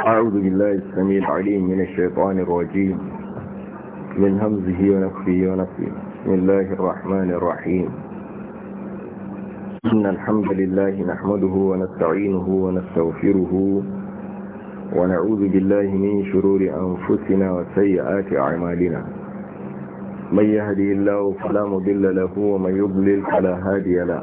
أعوذ بالله السميع العليم من الشيطان الرجيم من همزه ونفخه ونفخه بسم الله الرحمن الرحيم إن الحمد لله نحمده ونستعينه ونستغفره ونعوذ بالله من شرور أنفسنا وسيئات أعمالنا من يهدي الله فلا مضل له ومن يضلل فلا هادي له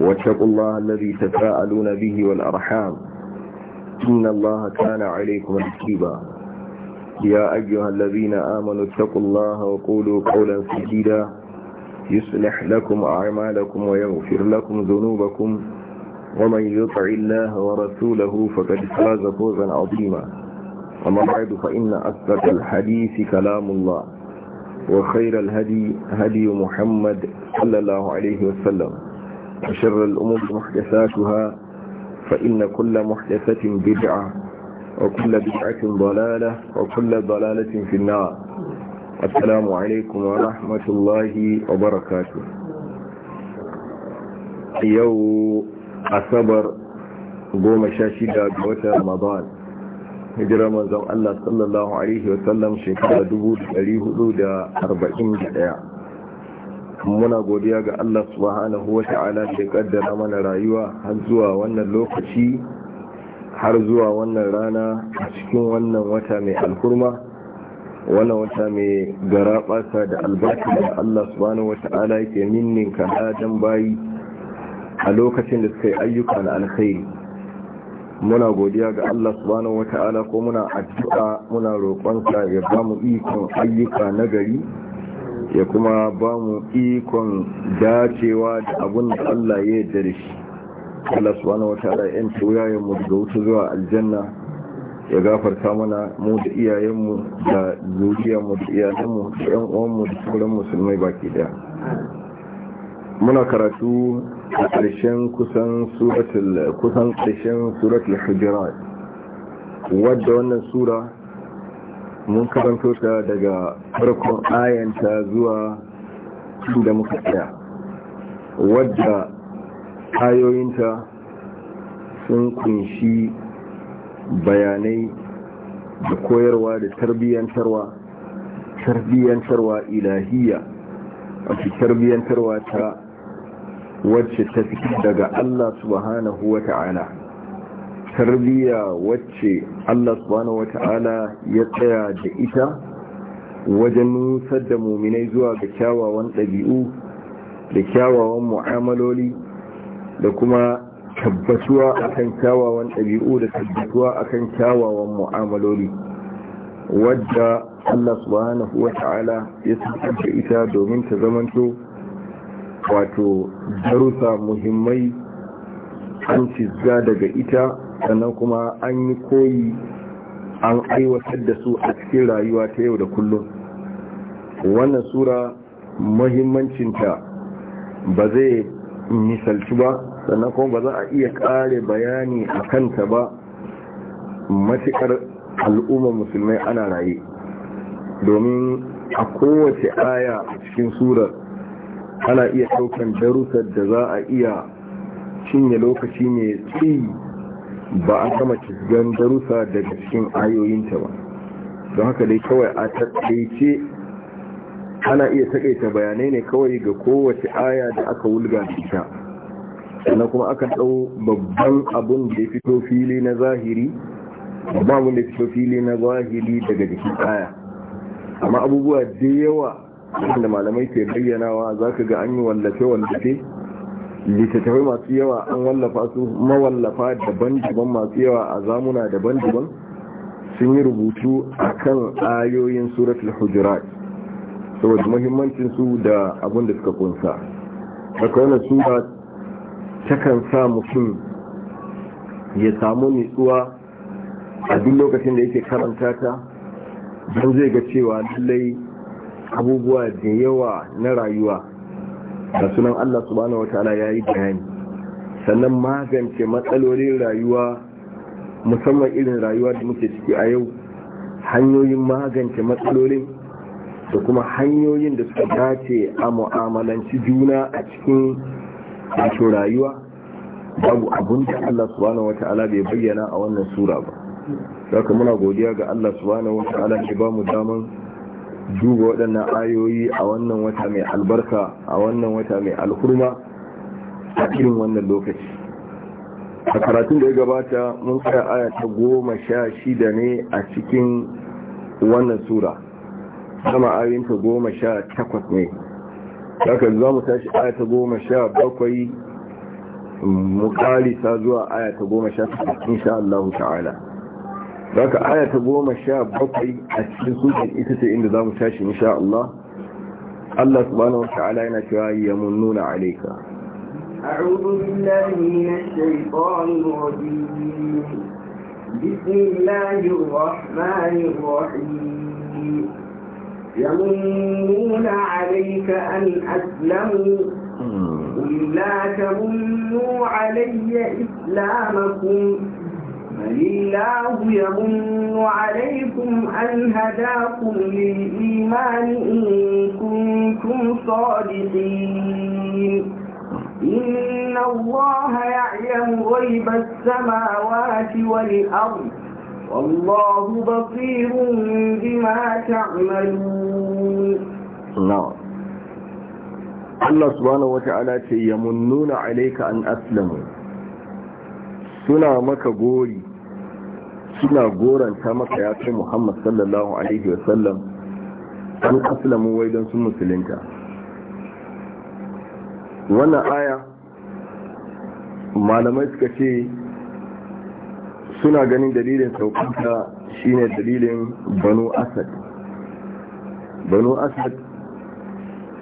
واتقوا الله الذي تساءلون به والأرحام إن الله كان عليكم حكيبا يا أيها الذين آمنوا اتقوا الله وقولوا قولا سديدا يصلح لكم أعمالكم ويغفر لكم ذنوبكم ومن يطع الله ورسوله فقد فاز فوزا عظيما أما بعد فإن أصدق الحديث كلام الله وخير الهدي هدي محمد صلى الله عليه وسلم وشر الأمور محدثاتها فإن كل محدثة بدعة وكل بدعة ضلالة وكل ضلالة في النار السلام عليكم ورحمة الله وبركاته يو أصبر قوم شاشدة بوتا رمضان هجر منزل الله صلى الله عليه وسلم شكرا دبوت أليه دا أربعين دقيقة muna godiya ga Allah subhanahu wa ta'ala da ya kaddara mana rayuwa har zuwa wannan lokaci har zuwa wannan rana a cikin wannan wata mai alkurma wannan wata mai garaɓasa da albarka da Allah subhanahu wa ta'ala yake minnin kaladan bayi a lokacin da suka yi ayyuka na alkhairi muna godiya ga Allah subhanahu wa ta'ala ko muna addu'a muna roƙonsa ya ba mu ikon ayyuka na gari ya kuma ba mu ikon dacewa da abin da Allah ya jere shi Allah subhanahu wataala ya yanci ya mu daga wuta zuwa aljanna ya gafarta mana mu da iyayenmu da zuriyar mu da mu da yan mu da sauran musulmai baki daya muna karatu a ƙarshen kusan suratul kusan ƙarshen suratul hujurat wadda wannan sura mun karanto ta daga farkon ayanta zuwa da muka tsaya wadda ayoyinta sun kunshi bayanai da koyarwa da tarbiyyantarwa tarbiyyantarwa ilahiya fi tarbiyyantarwa ta wacce ta fi daga Allah subhanahu wa ta'ala tarbiyya wacce Allah subhanahu wata'ala ya tsaya da ita wajen nusar da muminai zuwa ga kyawawan ɗabi'u da kyawawan mu'amaloli da kuma tabbatuwa akan kyawawan ɗabi'u da tabbatuwa akan kyawawan mu'amaloli wadda Allah subhanahu ta'ala ya tsaya da ita domin ta zamanto wato darussa muhimmai an cizga daga ita sannan kuma an yi koyi an aiwatar da su a cikin rayuwa ta yau da kullum wannan sura muhimmancinta ba zai misalci ba sannan kuma ba za a iya kare bayani a kanta ba matukar al'ummar musulmai ana raye domin a kowace aya a cikin surar ana iya ɗaukan darusar da za a iya cinye lokaci ne tsayi ba a kama cikin darussa daga cikin ayoyinta ba don haka dai kawai a taƙaice ana iya taƙaita bayanai ne kawai ga kowace aya da aka wulga da ita sannan kuma aka ɗau babban abun da ya fito fili na zahiri babban abun da ya fito fili na zahiri daga jikin aya amma abubuwa da yawa wanda malamai ke bayyanawa za ka ga an yi wallafe-wallafe littattafai masu yawa an wallafa su mawallafa daban-daban masu yawa a zamuna daban-daban sun yi rubutu a kan ayoyin suratul hujurat saboda muhimmancin su da abin da suka kunsa su wani sura kan sa mutum ya samu nitsuwa a duk lokacin da yake karanta ta don zai ga cewa lallai abubuwa da yawa na rayuwa a sunan Allah subhanahu wataala ya yi bayani sannan magance matsalolin rayuwa musamman irin rayuwa da muke ciki a yau hanyoyin magance matsalolin da kuma hanyoyin da suka dace a mu'amalanci juna a cikin wato rayuwa babu abun da Allah subhanahu wataala bai bayyana a wannan sura ba saka muna godiya ga Allah subhanahu wataala shi ba mu daman duba waɗannan ayoyi a wannan wata mai albarka a wannan wata mai alhurma a irin wannan lokaci a karatun da ya gabata mun kai aya ta goma sha shida ne a cikin wannan sura sama ayoyinta goma sha takwas ne haka za mu tashi aya goma sha bakwai mu zuwa aya ta goma sha takwas insha Allah ta'ala zaka aya ta goma sha bakwai a cikin sukin ita ce inda za mu tashi insha Allah Allah subhanahu wa ta'ala yana cewa yamunnuna alayka أعوذ بالله من الشيطان الرجيم بسم الله الرحمن الرحيم يمنون عليك أن أسلموا قل لا تمنوا علي إسلامكم بل الله يمن عليكم أن هداكم للإيمان إن كنتم صادقين إن الله يعلم غيب السماوات والأرض والله بصير بما تعملون نعم Allah subhanahu wata'ala ce yamunnuna alayka an aslamu suna maka gori suna goranta maka ya kai muhammad sallallahu alaihi wasallam an aslamu wai don sun musulunta wannan aya malamai suka ce suna ganin dalilin saukanta shine dalilin banu asad banu asad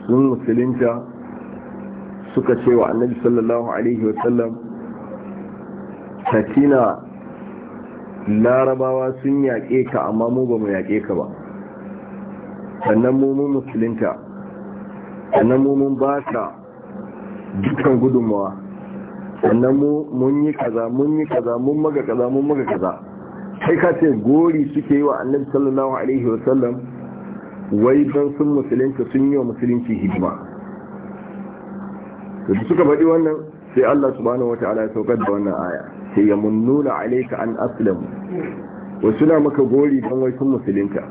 sun musulunta suka ce wa annabi sallallahu alaihi wasallam katina larabawa sun yaƙe ka amma mu ba mu yaƙe ka ba sannan mu mun musulunta sannan mu mun ba ka dukkan gudunmawa sannan mu mun yi kaza mun yi kaza mun maga kaza mun maga kaza sai ka ce gori suke yi wa annabi sallallahu alaihi wa sallam wai don sun musulunta sun yi wa musulunci hidima to suka faɗi wannan sai Allah subhanahu wataala ya saukar da wannan aya sai ya munnuna alaika an aslam Wasu na maka gori don wai musulinka.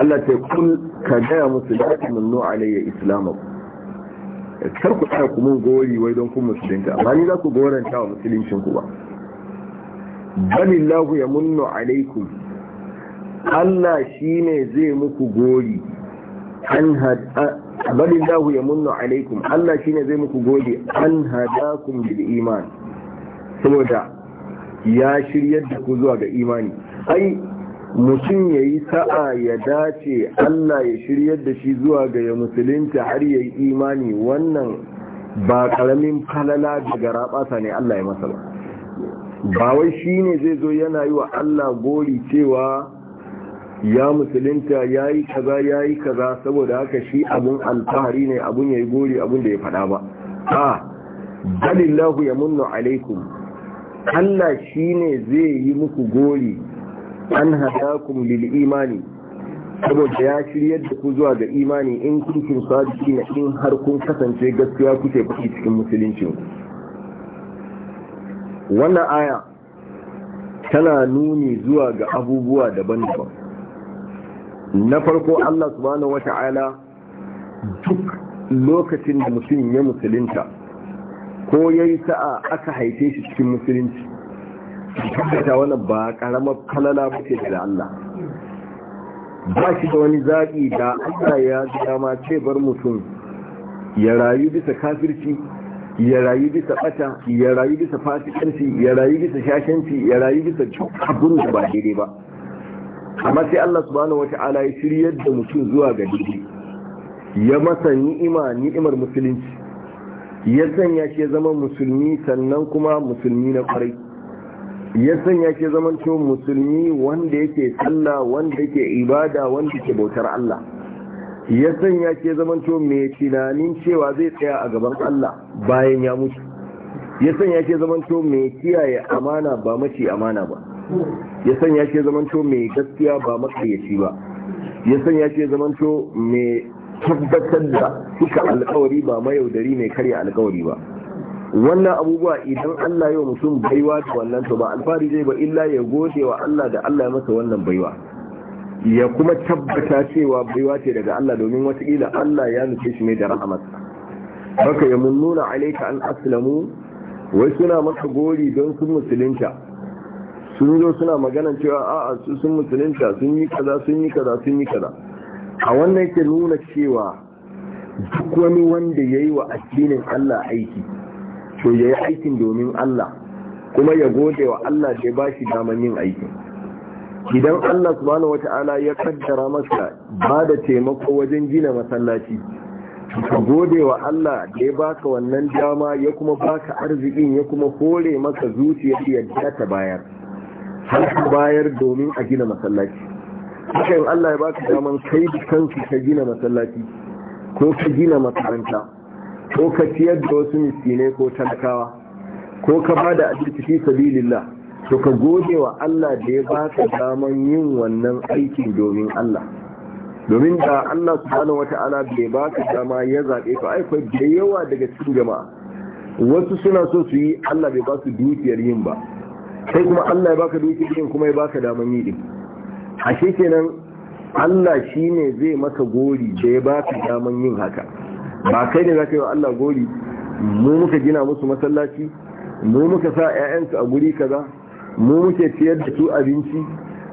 Allah ta kul ka gaya musu da ake munnu alayya islamu kar ku tsaya kuma gori wai don kun musulinka. amma ni za ku goranta wa musuluncin ku ba balillahu ya munnu alaikum Allah shi ne zai muku gori an hada balillahu ya munnu alaikum Allah shine zai muku gori an hadakum bil iman saboda ya shirya da ku zuwa ga imani ai mutum ya yi sa'a ya dace Allah ya shirya da shi zuwa ga ya musulunta har ya yi imani wannan ba karamin falala daga rabasa ne Allah ya masa ba ba wai shi ne zai zo yana yi wa Allah gori cewa ya musulunta ya yi kaza ya yi kaza saboda haka shi abin alfahari ne abun ya yi gori abun da ya faɗa ba a balillahu ya munnu alaikum Allah shi ne zai yi muku gori an ku lil imani saboda ya shiryar da ku zuwa ga imani in sadiki na in har kun kasance gaskiya kuke baki cikin musulunci wannan aya tana nuni zuwa ga abubuwa daban-daban na farko Allah subhanahu wata'ala duk lokacin da mutum ya musulunta ko ya yi sa'a aka haife shi cikin musulunci tabbata wannan ba karamar kalala ba ce da Allah ba shi da wani zaɓi da Allah ya dama ce bar mutum ya rayu bisa kafirci ya rayu bisa bata ya rayu bisa fasikanci ya rayu bisa shashanci ya rayu bisa abin da ba daidai ba amma sai Allah subhanahu wata'ala ya shiryar da mutum zuwa ga daidai ya masa ni'ima ni'imar musulunci ya sanya shi zama musulmi sannan kuma musulmi na kwarai ya sanya shi zama cewa musulmi wanda yake sallah wanda yake ibada wanda yake bautar Allah ya sanya shi zama cewa mai tunanin cewa zai tsaya a gaban Allah bayan ya mutu ya sanya shi zama cewa mai kiyaye amana ba mace amana ba ya sanya shi zama cewa mai gaskiya ba makayyaci ba ya sanya shi zama cewa mai tabbatar da suka alkawari ba mayaudari mai karya alkawari ba wannan abubuwa idan Allah ya mutum baiwa da wannan to ba alfari zai ba illa ya gode wa Allah da Allah ya masa wannan baiwa ya kuma tabbata cewa baiwa ce daga Allah domin watakila Allah ya nufe shi mai da rahamarsa baka ya munnuna alaika an aslamu wai suna maka gori don sun musulunta sun zo suna maganan cewa a'a sun musulunta sun yi kaza sun yi kaza sun yi kaza a wannan ke nuna cewa duk wani wanda ya yi wa addinin Allah aiki to ya yi aikin domin Allah kuma ya gode wa Allah da ya ba shi daman yin aikin idan Allah subhanahu ya kaddara masa ba da taimako wajen gina masallaci ka gode wa Allah da ya baka wannan dama ya kuma baka arzikin ya kuma hore maka zuciyar yadda ta bayar har bayar domin a gina masallaci haka in Allah ya ba ka daman kai da kansu ka gina masallaci ko ka gina makaranta ko ka ciyar da wasu miskinai ko talakawa ko ka ba da abinciki fi sabilillah to ka goge wa Allah da ya ba ka daman yin wannan aikin domin Allah domin da Allah subhanahu wata'ala bai ka dama ya zaɓe ka aikwai da yawa daga cikin jama'a wasu suna so su yi Allah bai ba su dukiyar yin ba sai kuma Allah ya baka dukiyar yin kuma ya baka daman yi din a kenan Allah shi ne zai maka gori da ya ba ka daman yin haka ba kai ne za ka yi wa Allah gori mu muka gina musu masallaci mu muka sa 'ya'yansu a guri kaza mu muke ciyar da su abinci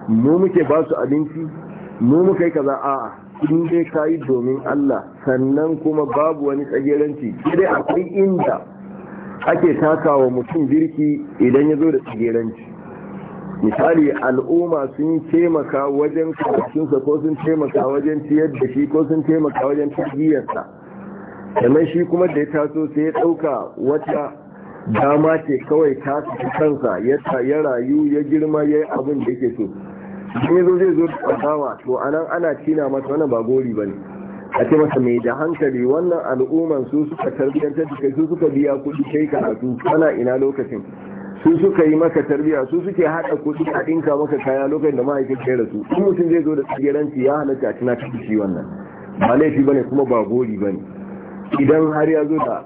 mu muke ba su abinci mu muka yi kaza a in dai ka yi domin Allah sannan kuma babu wani tsageranci dai akwai inda ake takawa mutum birki idan ya zo da tsageranci misali al'umma sun taimaka wajen karatunsa ko sun taimaka wajen ciyar da shi ko sun taimaka wajen tarbiyyarsa sannan shi kuma da ya taso sai ya ɗauka wata dama ce kawai ta kansa ya rayu ya girma ya yi abin da yake so ne zo zai zo da to a nan ana cina masa wannan ba gori bane a ce masa mai da hankali wannan al'umman su suka tarbiyyantar da kai su suka biya kuɗi kai karatu ana ina lokacin su suka yi maka tarbiya su suke haɗa kuɗi a ɗinka maka kaya lokacin da ya rasu in mutum zai zo da tsigiranci ya halatta a tana shi wannan ba laifi bane kuma ba gori bane idan har ya zo da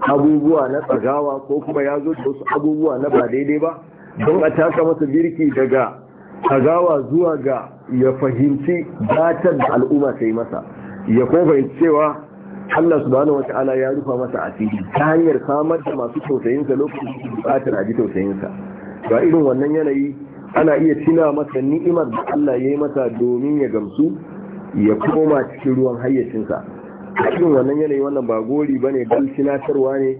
abubuwa na tsagawa ko kuma ya zo da wasu abubuwa na ba daidai ba don a taka masa birki daga tsagawa zuwa ga ya fahimci batar da al'umma ta yi masa ya kuma fahimci cewa Allah subhanahu wata'ala ya rufa masa asiri ta hanyar samar da masu tausayinsa lokacin da bukatar a ji tausayinsa ga irin wannan yanayi ana iya tuna masa ni'imar da Allah ya yi masa domin ya gamsu ya koma cikin ruwan hayyacinsa irin wannan yanayi wannan ba gori bane bal tunatarwa ne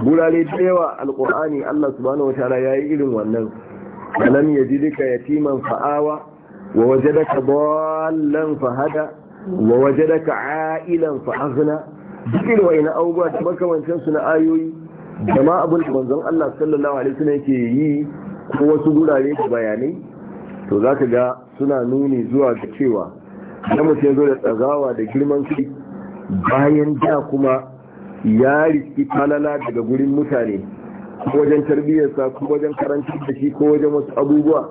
gurare da yawa alqur'ani Allah subhanahu wataala yayi irin wannan alam yajidka yatiman fa'awa wa wajadaka dallan fahada wa wajadaka a'ilan fa aghna duk wa ina abubuwa da makamancin su na ayoyi da ma abin da manzon Allah sallallahu alaihi wasallam yake yi ko wasu gurare da bayanai to zaka ga suna nuni zuwa ga cewa na mutum zo da tsagawa da girman kai bayan da kuma ya riski falala daga gurin mutane ko wajen tarbiyyarsa ko wajen karantar da shi ko wajen wasu abubuwa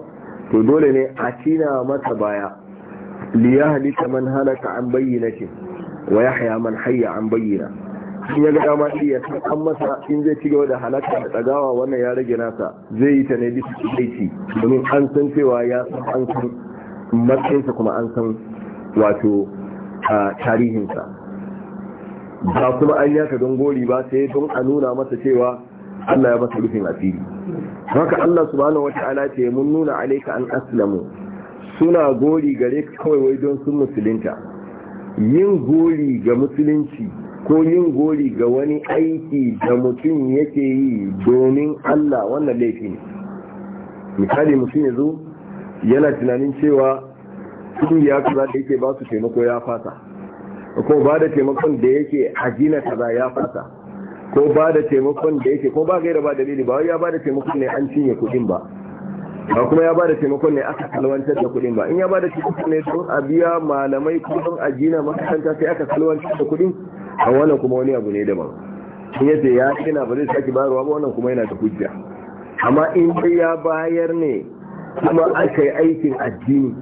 to dole ne a cina masa baya liyahlika man halaka an ce wa yahya man hayya an bayyana in ya ga dama shi ya san an masa in zai ci gaba da halaka da tsagawa wannan ya rage nasa zai yi ta ne bisa tsaici domin an san cewa ya san an san matsayinsa kuma an san wato tarihinsa ba kuma an yaka don gori ba sai don a nuna masa cewa Allah ya masa rufin asiri haka Allah subhanahu ta'ala ce mun nuna alaika an aslamu suna gori gare ka kawai wai don sun musulunta yin gori ga musulunci ko yin gori ga wani aiki da mutum yake yi domin Allah wannan laifi ne misali mutum ya zo yana tunanin cewa ya kaza da yake ba su taimako ya fata ko ba da taimakon da yake a gina kaza ya fata ko ba da taimakon da yake ko ba gaira ba dalili ba ya ba da taimakon ne an cinye kuɗin ba ba kuma ya ba da taimakon ne aka kalwantar da kuɗin ba in ya ba da taimakon ne don a biya malamai ko don a jina makaranta sai aka kalwantar da kuɗin a wannan kuma wani abu ne daban in yace ya kina ba zai saki bayarwa ba wannan kuma yana da hujja amma in dai ya bayar ne kuma aka yi aikin addini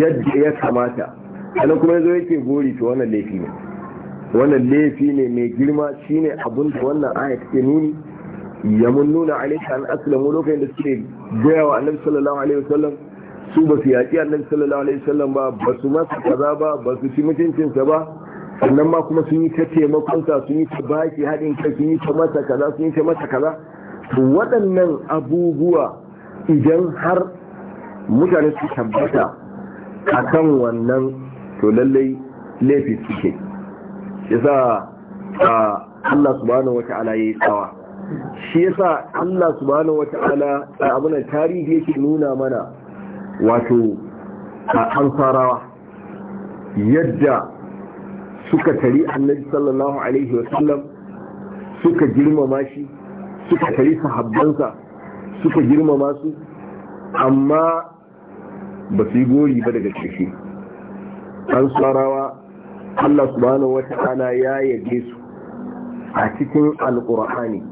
yadda ya kamata sannan kuma yazo yake gori to wannan laifi ne wannan laifi ne mai girma shine abun da wannan aya take nuni nuna alayka an aslamu lokacin da suke gayawa wa annabi sallallahu alaihi wasallam su ba su yaƙi annabi sallallahu alaihi wasallam ba ba su masa kaza ba ba su ci mutuncinsa ba sannan ma kuma sun yi ta taimakonsa sun yi ta baki haɗin kai sun yi ta masa kaza sun yi ta masa kaza to waɗannan abubuwa idan har mutane su tabbata akan wannan to lallai laifi suke yasa ah, Allah subhanahu wa ta'ala ya tsawa shi yasa Allah subhanahu a abin tarihi yake nuna mana wato farawa yadda suka tari annabi sallallahu alaihi sallam suka girmama shi suka tari sahabbansa suka girmama su amma ba su yi gori ba daga ƙarshe an tsarawa Allah subhanahu ta'ala ya yage su a cikin alƙur'ani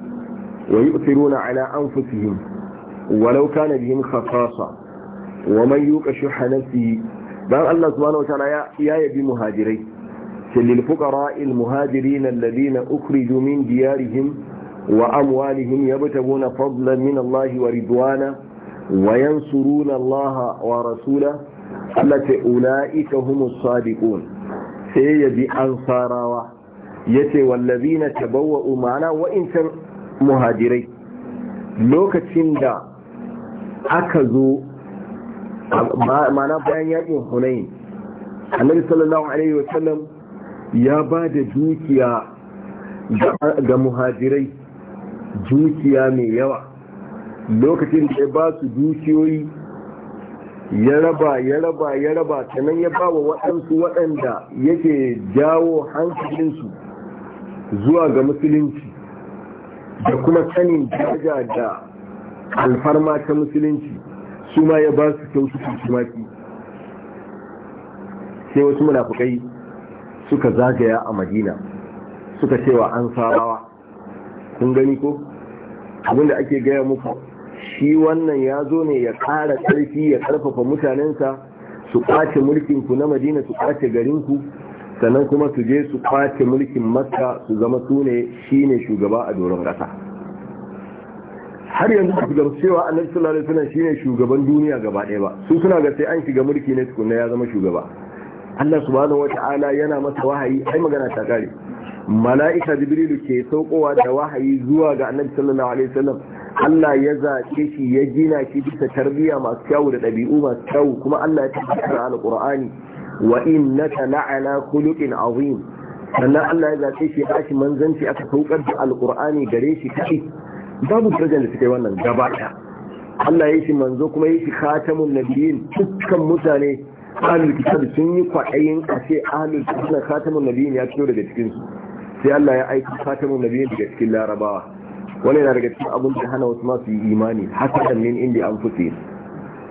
ويؤثرون على أنفسهم ولو كان بهم خصاصة ومن يوق شح نفسه بان الله سبحانه وتعالى يا يبي مهاجري للفقراء المهاجرين الذين أخرجوا من ديارهم وأموالهم يبتغون فضلا من الله ورضوانا وينصرون الله ورسوله التي أولئك هم الصادقون سيدي أنصارا يتي والذين تبوأوا معنا وإن muhajirai lokacin da aka zo mana bayan yakin hunayin annabi sallallahu alaihi wasallam ya ba da dukiya ga muhajirai dukiya mai yawa lokacin da ya ba su dukiyoyi ya raba ya raba ya raba sannan ya ba wa waɗansu waɗanda yake jawo hankalinsu zuwa ga musulunci da kuma sanin daraja da alfarma ta musulunci su ma ya ba su kyautu tumaki sai wasu munafukai suka zagaya a madina suka cewa an sarawa kun gani ko abinda ake gaya muku shi wannan ya zo ne ya ƙara ƙarfi ya ƙarfafa mutanensa su ƙwace mulkinku na madina su kwace garinku sannan kuma su je su kwace mulkin makka su zama su ne shi ne shugaba a doron ƙasa har yanzu su gamsu cewa annabi sulalai suna shi ne shugaban duniya gaba ɗaya ba su suna ga sai an shiga mulki ne tukunna ya zama shugaba Allah wata wata'ala yana masa wahayi ai magana ta kare mala'ika jibrilu ke saukowa da wahayi zuwa ga annabi sallallahu alaihi wasallam Allah ya zaɓe shi ya gina shi bisa tarbiyya masu kyau da ɗabi'u masu kyau kuma Allah ya tabbatar a alƙur'ani wa innaka la'ala khuluqin azim sannan Allah ya zace shi ya shi manzanci aka saukar da alqur'ani gare shi kai babu darajar da suke wannan gaba Allah ya shi manzo kuma ya shi khatamun nabiyyin dukkan mutane ahlul kitab sun yi kwaɗayin a ce ahlul kitab khatamun nabiyyin ya fito daga cikin su sai Allah ya aika khatamun nabiyyin daga cikin larabawa Wani yana daga cikin abin da hana wasu masu yi imani hasadan min indi anfusihim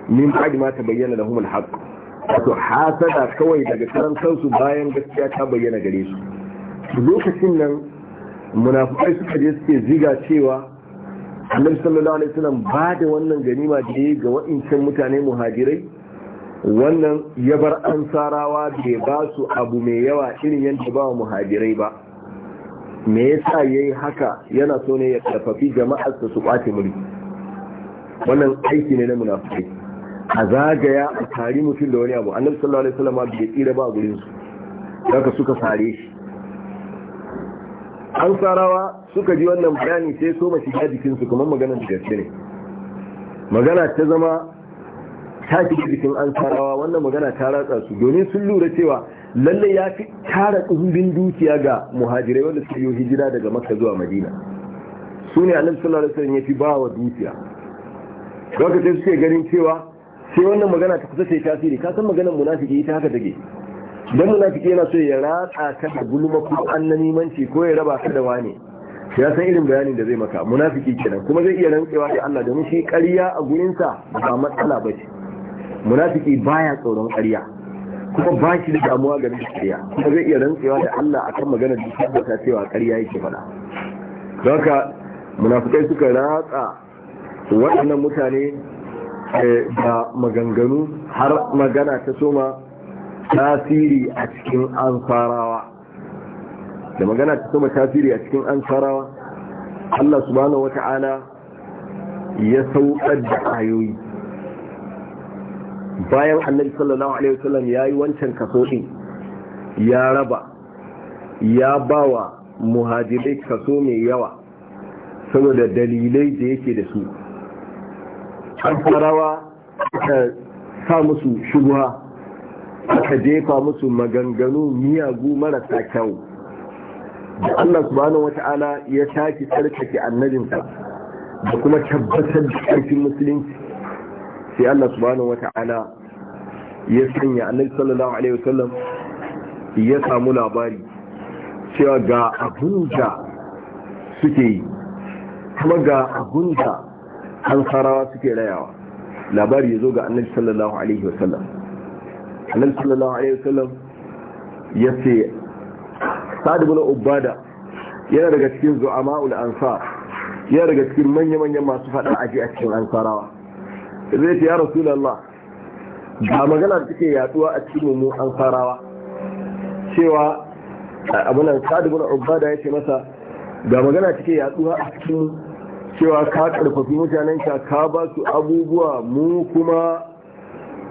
min ba'di ma tabayyana lahum humul haqq wato hasada kawai daga karan kansu bayan gaskiya ta bayyana gare su lokacin nan munafukai suka je suke ziga cewa annabi sallallahu alaihi wasallam ba da wannan ganima da ya ga wa'incan mutane muhajirai wannan ya bar ansarawa da ba su abu mai yawa irin yadda ba muhajirai ba me yasa yayi haka yana so ne ya tafafi jama'arsa su kwace mulki wannan aiki ne na munafukai a zagaya a tari mutum da wani abu annabi sallallahu alaihi wasallam bai tsira ba gurin su daga suka sare shi an sarawa suka ji wannan bayani sai so mashi ga jikin su kuma maganar da gaske ne magana ta zama ta shiga jikin an sarawa wannan magana ta ratsa su domin sun lura cewa lalle ya fi tara ɗumbin dukiya ga muhajirai wanda suka yi hijira daga makka zuwa madina su ne annabi sallallahu alaihi wasallam ya fi ba wa dukiya sai suke ganin cewa sai wannan magana ta kusa sai tasiri ka san maganar munafiki ita haka take dan munafiki yana so ya ratsa ka da gulma ko manci ko ya raba ka da wani. ya san irin bayanin da zai maka munafiki kenan kuma zai iya rantsewa da Allah domin shi ƙarya a gurinsa ba matsala ba ce munafiki baya tsoron ƙarya kuma ba shi da damuwa ga da ƙarya kuma zai iya rantsewa da Allah akan magana da shi ba ta cewa ƙarya yake faɗa don haka munafikai suka ratsa waɗannan mutane Eh, da maganganu har magana ta soma tasiri a cikin ansarawa da magana ta soma tasiri a cikin ansarawa Allah subhanahu wata'ala ya saukar da ayoyi bayan annabi sallallahu alaihi wasallam ya yi wancan kaso ɗin ya raba ya bawa muhajirai kaso mai yawa saboda dalilai da yake da su farawa aka sa musu shubuha aka jefa musu maganganu miyagu marasa kyau da Allah subhanahu wata'ala ya tashi tsarkake annabinsa da kuma tabbatar da ƙarfin musulunci sai Allah subhanahu wata'ala ya sanya annabi sallallahu alaihi wasallam ya samu labari cewa ga abun suke yi kuma ga abunda. da ansarawa suke rayawa labari ya zo ga annabi sallallahu alaihi wasallam annabi sallallahu alaihi wasallam ya ce sa'ad ibn ubada yana daga cikin zu'ama'ul ansar yana daga cikin manya-manyan masu fada aji a cikin ansarawa zai ce ya rasulullah ga magana da take yaduwa a cikin mu ansarawa cewa abunan sa'ad ibn ubada ya ce masa ga magana take yaduwa a cikin cewa ka karfafi mutanenka ka ba su abubuwa mu kuma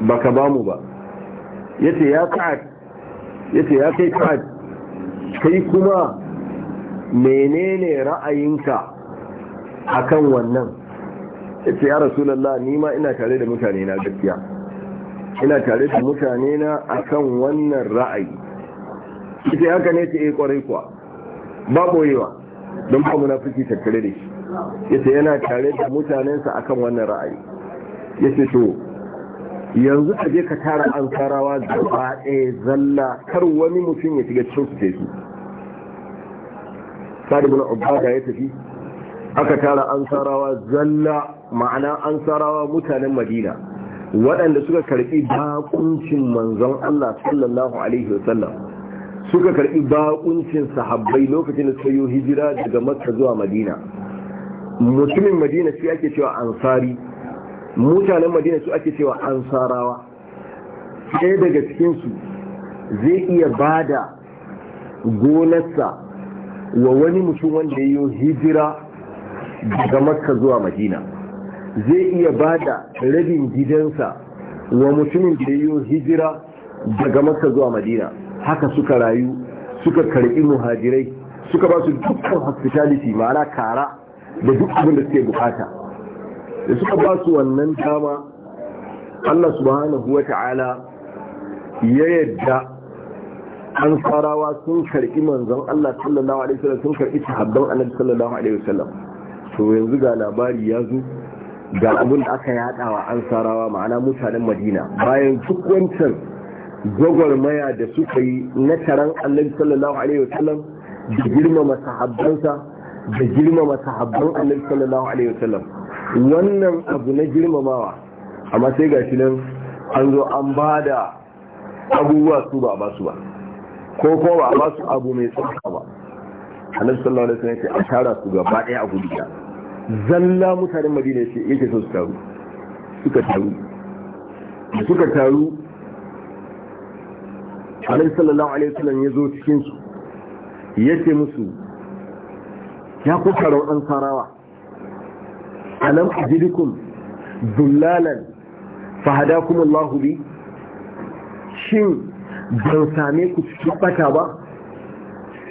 baka ba mu ba yace ya ka'ad yace ya kai ka'ad kai kuma menene ra'ayinka akan wannan yace ya rasulullah ni ma ina tare da mutane na gaskiya ina tare da mutane na akan wannan ra'ayi yace haka ne ce eh, kwarai kuwa ba boyewa don ba munafiki tattare da shi yace yana tare da mutanensa akan wannan ra'ayi yace to yanzu ka je ka tara ansarawa gaba ɗaya zalla kar wani mutum ya shiga cikin su su sadi bin ubada ya tafi aka tara ansarawa zalla ma'ana ansarawa mutanen madina waɗanda suka karɓi bakuncin manzon Allah sallallahu alaihi wasallam suka karɓi bakuncin sahabbai lokacin da suka yi hijira daga makka zuwa madina mutumin madina su ake cewa ansari mutanen madina su ake cewa ansarawa ɗaya daga cikinsu zai iya ba da gonarsa wa wani mutum wanda ya yi hijira daga makka zuwa madina zai iya ba da rabin gidansa wa mutumin da ya yi hijira daga makka zuwa madina haka suka rayu suka karɓi muhajirai suka ba su dukkan hospitality ma'ana kara da duk abin da suke bukata da suka ba su wannan dama Allah subhanahu wa ta'ala ya yadda an farawa sun karɓi manzon Allah sallallahu alaihi wasallam sun karɓi sahabban annabi sallallahu alaihi wasallam to yanzu ga labari ya zo ga abin da aka yada wa an sarawa ma'ana mutanen Madina bayan duk wancan gwagwarmaya da suka yi na taron annabi sallallahu alaihi wasallam da girmama sahabbansa da girmama sahabban annabi sallallahu alaihi wasallam wannan abu na girmamawa amma sai gashi nan an zo an ba da abubuwa su ba ba su ba ko ko ba ba su abu mai tsaka ba annabi sallallahu alaihi wasallam ya ce a tara su gaba daya a gudiya zalla mutanen madina ce yake so su taru suka taru da suka taru annabi sallallahu alaihi wasallam ya zo cikin su ce musu ya ku karauɗan sarawa alam ajirikum dullalan fahada kuma Allah bi shin ban same ku cikin bata ba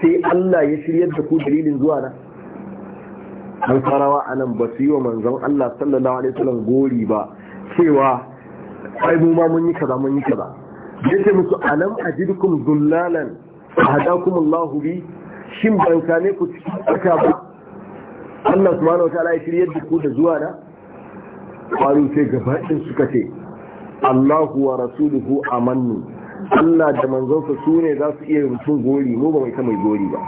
sai Allah ya shiryar da ku dalilin zuwa na an sarawa a nan ba su yi wa manzon Allah sallallahu alaihi wasallam gori ba cewa ai mu ma mun yi kaza mun yi kaza yace musu alam ajidukum dullalan fahadakum Allah bi shin ban same ku cikin tsaka ba Allah subhanahu wa ta'ala ya shirye da ku da zuwa na ƙwarin sai gaba ɗin suka ce Allahu wa rasuluhu amannu Allah da manzonsa su ne za su iya rufin gori mu ba mai ta mai gori ba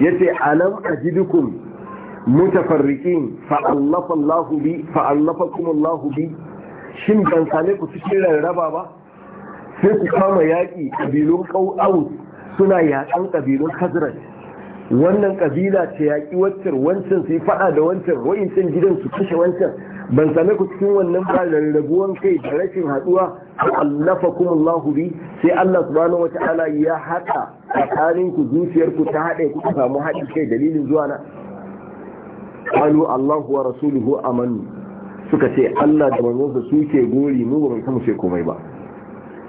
Ya ce alam ajidukum mutafarriqin fa allafa Allahu bi fa allafakum Allahu bi shin ban same ku cikin rarraba ba sai ku kama yaƙi kabilun ƙau'aus suna yaƙan ƙabilun khazraj wannan ƙabila ce ya ƙi wancan su yi faɗa da wancan wa'incan gidan su kashe wancan ban same ku cikin wannan ba da rarrabuwan kai da rashin haɗuwa allafa kuma lahuri, bi sai Allah subhanahu wata'ala ya haɗa tsakanin ku zuciyar ku ta haɗe ku samu haɗin kai dalilin zuwa na qalu Allahu wa rasuluhu amanu suka ce Allah da manzonsa suke gori mu ba mu san komai ba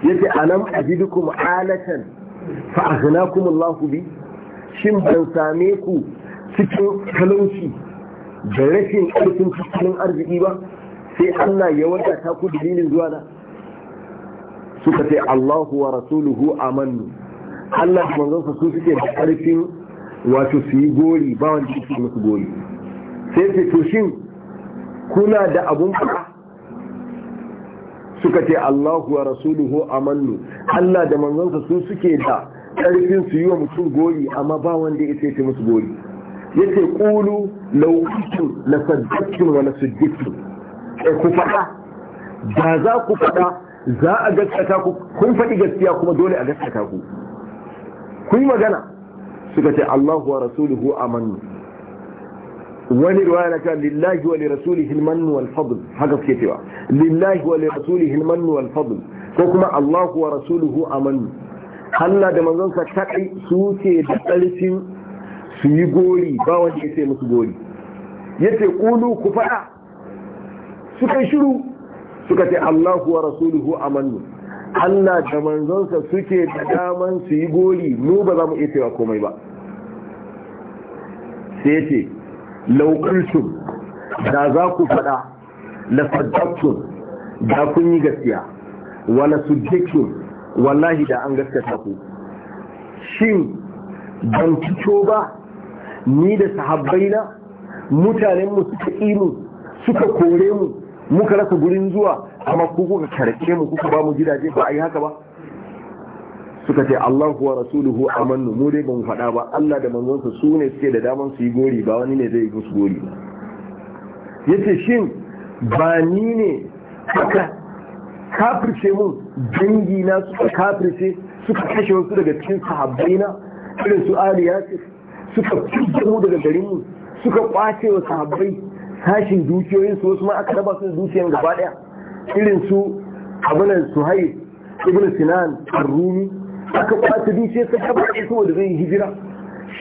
yace alam ajidukum alatan fa aghnakum Allah bi shin ban same ku cikin talauci da rashin ƙarfin cikin arziki ba sai Allah ya ta ku dalilin zuwa na suka ce Allah wa rasuluhu amannu Allah da manzon su suke da karfin wato su yi gori ba wanda yake musu gori sai sai to shin kuna da abun faɗa suka ce Allahu wa rasuluhu amannu Allah da manzansa su suke da ƙarfin su yi wa mutum gori amma ba wanda ya ce musu gori yace qulu law kuntu la saddaqtum wa la eh, ku fada da za ku faɗa za a gaskata ku kun faɗi gaskiya kuma dole a gaskata ku Kuyi magana suka ce Allahu wa rasuluhu amannu wani riwaya na kan lillahi wa lirasulihi almannu wal fadl haka suke cewa lillahi wa lirasulihi almannu wal fadl ko kuma Allahu wa rasuluhu amanu Allah da manzonsa kadai su ce da tsarfin su yi gori ba wanda ya ce musu gori yace kulu ku fada suka shiru suka ce Allahu wa rasuluhu amanu Allah da manzonsa suke da daman su yi gori mu ba za mu iya cewa komai ba sai ce laukuntum da za ku faɗa la da kun yi gaskiya wala sujjikum wallahi da an gaskata ku shin ban fito ba ni da sahabbaina mutanen mu suka ilu suka kore mu muka rasa gurin zuwa amma kuka karke mu kuka ba mu gidaje ba a yi haka ba suka ce Allah wa rasuluhu amannu mu dai ban faɗa ba Allah da manzonsa su ne suke da daman su yi gori ba wani ne zai musu gori yace shin ba ni ne aka kafirce mun dangi na suka kafirce suka kashe wasu daga cikin sahabbaina irin su Ali Yasir suka kuje mu daga garin mu suka kwace wa sahabbai sashin dukiyoyin su wasu ma aka raba su dukiyan gaba daya irin su abunan Suhaib ibn Sinan Ar-Rumi aka kwace sai sa gaba ɗaya saboda zai hijira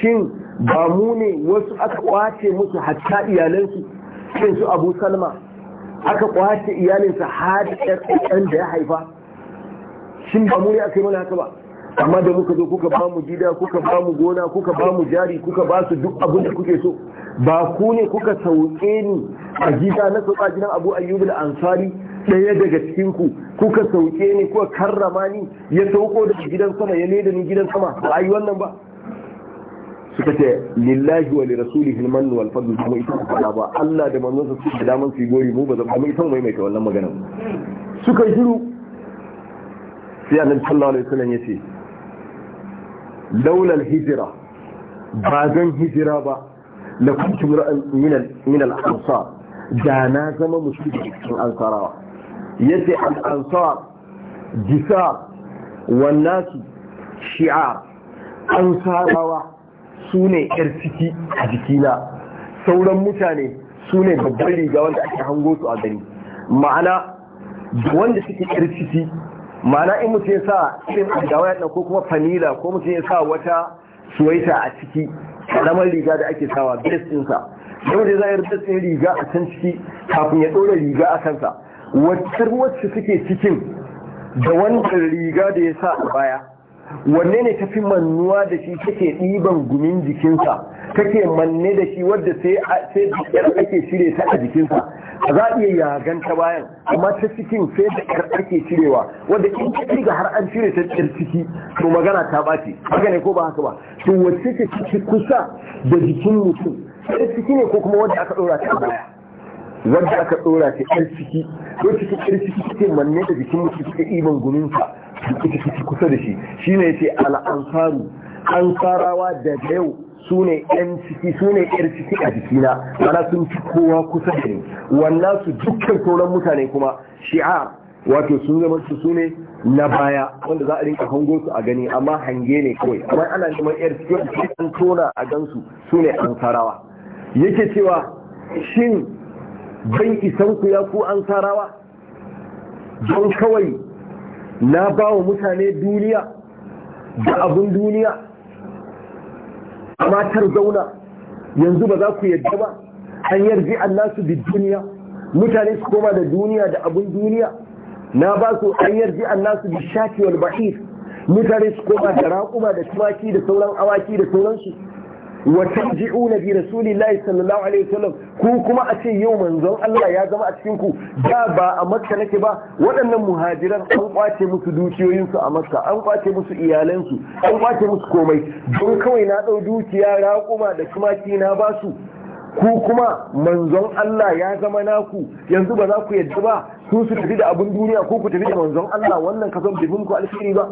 shin ba mu ne wasu aka kwace musu hatta iyalansu shin su abu salma aka kwace iyalinsa har ɗan da ya haifa shin ba mu ne aka yi mana haka ba amma da muka zo kuka ba mu gida kuka ba mu gona kuka ba mu jari kuka ba su duk abin da kuke so ba ku ne kuka sauke ni a gida na sauka gidan abu ayyubu da ansari ɗaya daga cikinku kuka sauke ni kuka karrama ni ya sauko da gidan sama ya leda ni gidan sama ba a yi wannan ba suka ce lillahi wa li rasulihi al-mann wal fadl kuma ita ku fada ba Allah da manzon sa da daman su gori mu ba zama ita mai mai wannan magana suka shiru sai annabi sallallahu alaihi wasallam yace laula al-hijra ba zan hijira ba la kuntu min al-ansar da na zama musulmi cikin ansarawa yace al-ansar jisar shi'a shi'ar ansarawa su ne yar ciki a jikina sauran mutane su ne babban riga wanda ake hango su a gani ma'ana wanda suke yar ciki ma'ana in mutum ya sa irin adawa ya ko kuma fanila ko mutum ya sa wata suwaita a ciki karamar riga da ake sawa best ɗinsa yau da zayar bes ɗin riga a can ciki kafin ya ɗora riga a kansa wacce wacce suke cikin da wanda riga da ya sa a baya wanne ne tafi mannuwa da shi take ɗiban gumin jikinsa take manne da shi wadda sai da ake shirya ta a jikinsa za a iya yagan ta bayan amma ta cikin sai da ƙyar ake cirewa wadda in ka ga har an cire ta ƙyar ciki to magana ta ɓaci haka ne ko ba haka ba to wacce ke ciki kusa da jikin mutum ta ciki ne ko kuma wanda aka ɗora ta baya zan da aka tsora ta ciki ko ciki ɗan ciki cikin manne da jikin mutu suke iban guminsa suka ciki kusa da shi ne ce al'ansaru ansarawa da yau su ne ɗan ciki su ne ƴar ciki a jikina mana sun fi kowa kusa da ni wannan su dukkan sauran mutane kuma shi'a wato sun zama su su ne na baya wanda za a rinka hango su a gani amma hange ne kawai amma ana neman ƴar ciki an tona a gansu su ne ansarawa yake cewa shin don isan ku ya ku an sarawa don kawai na ba wa mutane duniya da abin duniya a matar zauna yanzu ba za ku yadda ba an yarji nasu bi duniya mutane su koma da duniya da abin duniya na ba su an yarji nasu bi shaki wal mutane su koma da raƙuma da tumaki da sauran awaki da sauransu wa tarji'una bi rasulillahi sallallahu alaihi wasallam ku kuma a ce yau manzon Allah ya zama a cikin ku da ba a Makka nake ba waɗannan muhajiran an kwace musu dukiyoyin su a Makka an kwace musu iyalan su an kwace musu komai don kawai na dau dukiya raƙuma da tumaki na ba su ku kuma manzon Allah ya zama naku yanzu ba za ku yadda ba su su tafi da abun duniya ko ku tafi da manzon Allah wannan ka zan bai muku alkhairi ba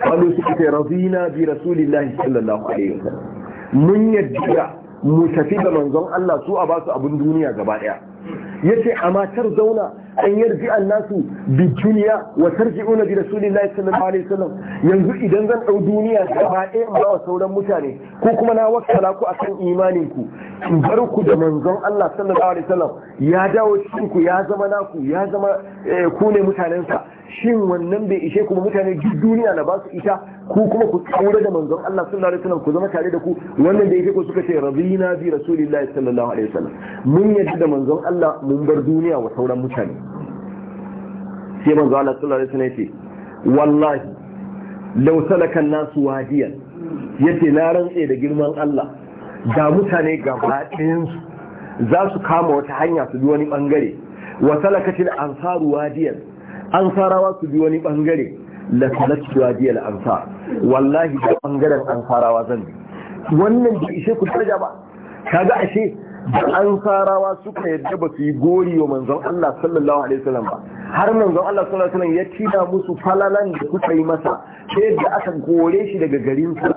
qalu suka ce radina bi rasulillahi sallallahu alaihi wasallam mun yadda mu tafi da manzon Allah su a basu abin duniya gaba ɗaya yace a matar zauna an yarji annasu bi duniya wa tarji'una bi rasulillahi sallallahu alaihi wasallam yanzu idan zan dau duniya gaba ɗaya in ba sauran mutane ko kuma na wakala ku akan imanin ku in bar ku da manzon Allah sallallahu alaihi wasallam ya dawo cikin ku ya zama naku ya zama eh, ku ne mutanen sa shin wannan bai ishe ku mutane duk duniya na ba su ita ku kuma ku tsaura da manzon Allah sallallahu alaihi wasallam ku zama tare da ku wannan da yake ku suka ce radina bi rasulillahi sallallahu alaihi wasallam mun yadda da manzon Allah mun bar duniya wa sauran mutane sai manzo Allah sallallahu alaihi ce wallahi law salaka nasu wadiyan yace na rantse da girman Allah da mutane gaba baɗayansu su za su kama wata hanya su bi wani bangare wa salakatil ansaru wadiyan ansarawa su bi wani bangare la salaktu wadiyal ansar wallahi da bangaren ansarawa zan bi wannan bai ishe ku daraja ba kaga ashe da ansarawa suka yadda ba su yi gori wa manzon Allah sallallahu alaihi wasallam ba har manzon Allah sallallahu alaihi wasallam ya tina musu falalan da suka yi masa sai da aka gore shi daga garinsa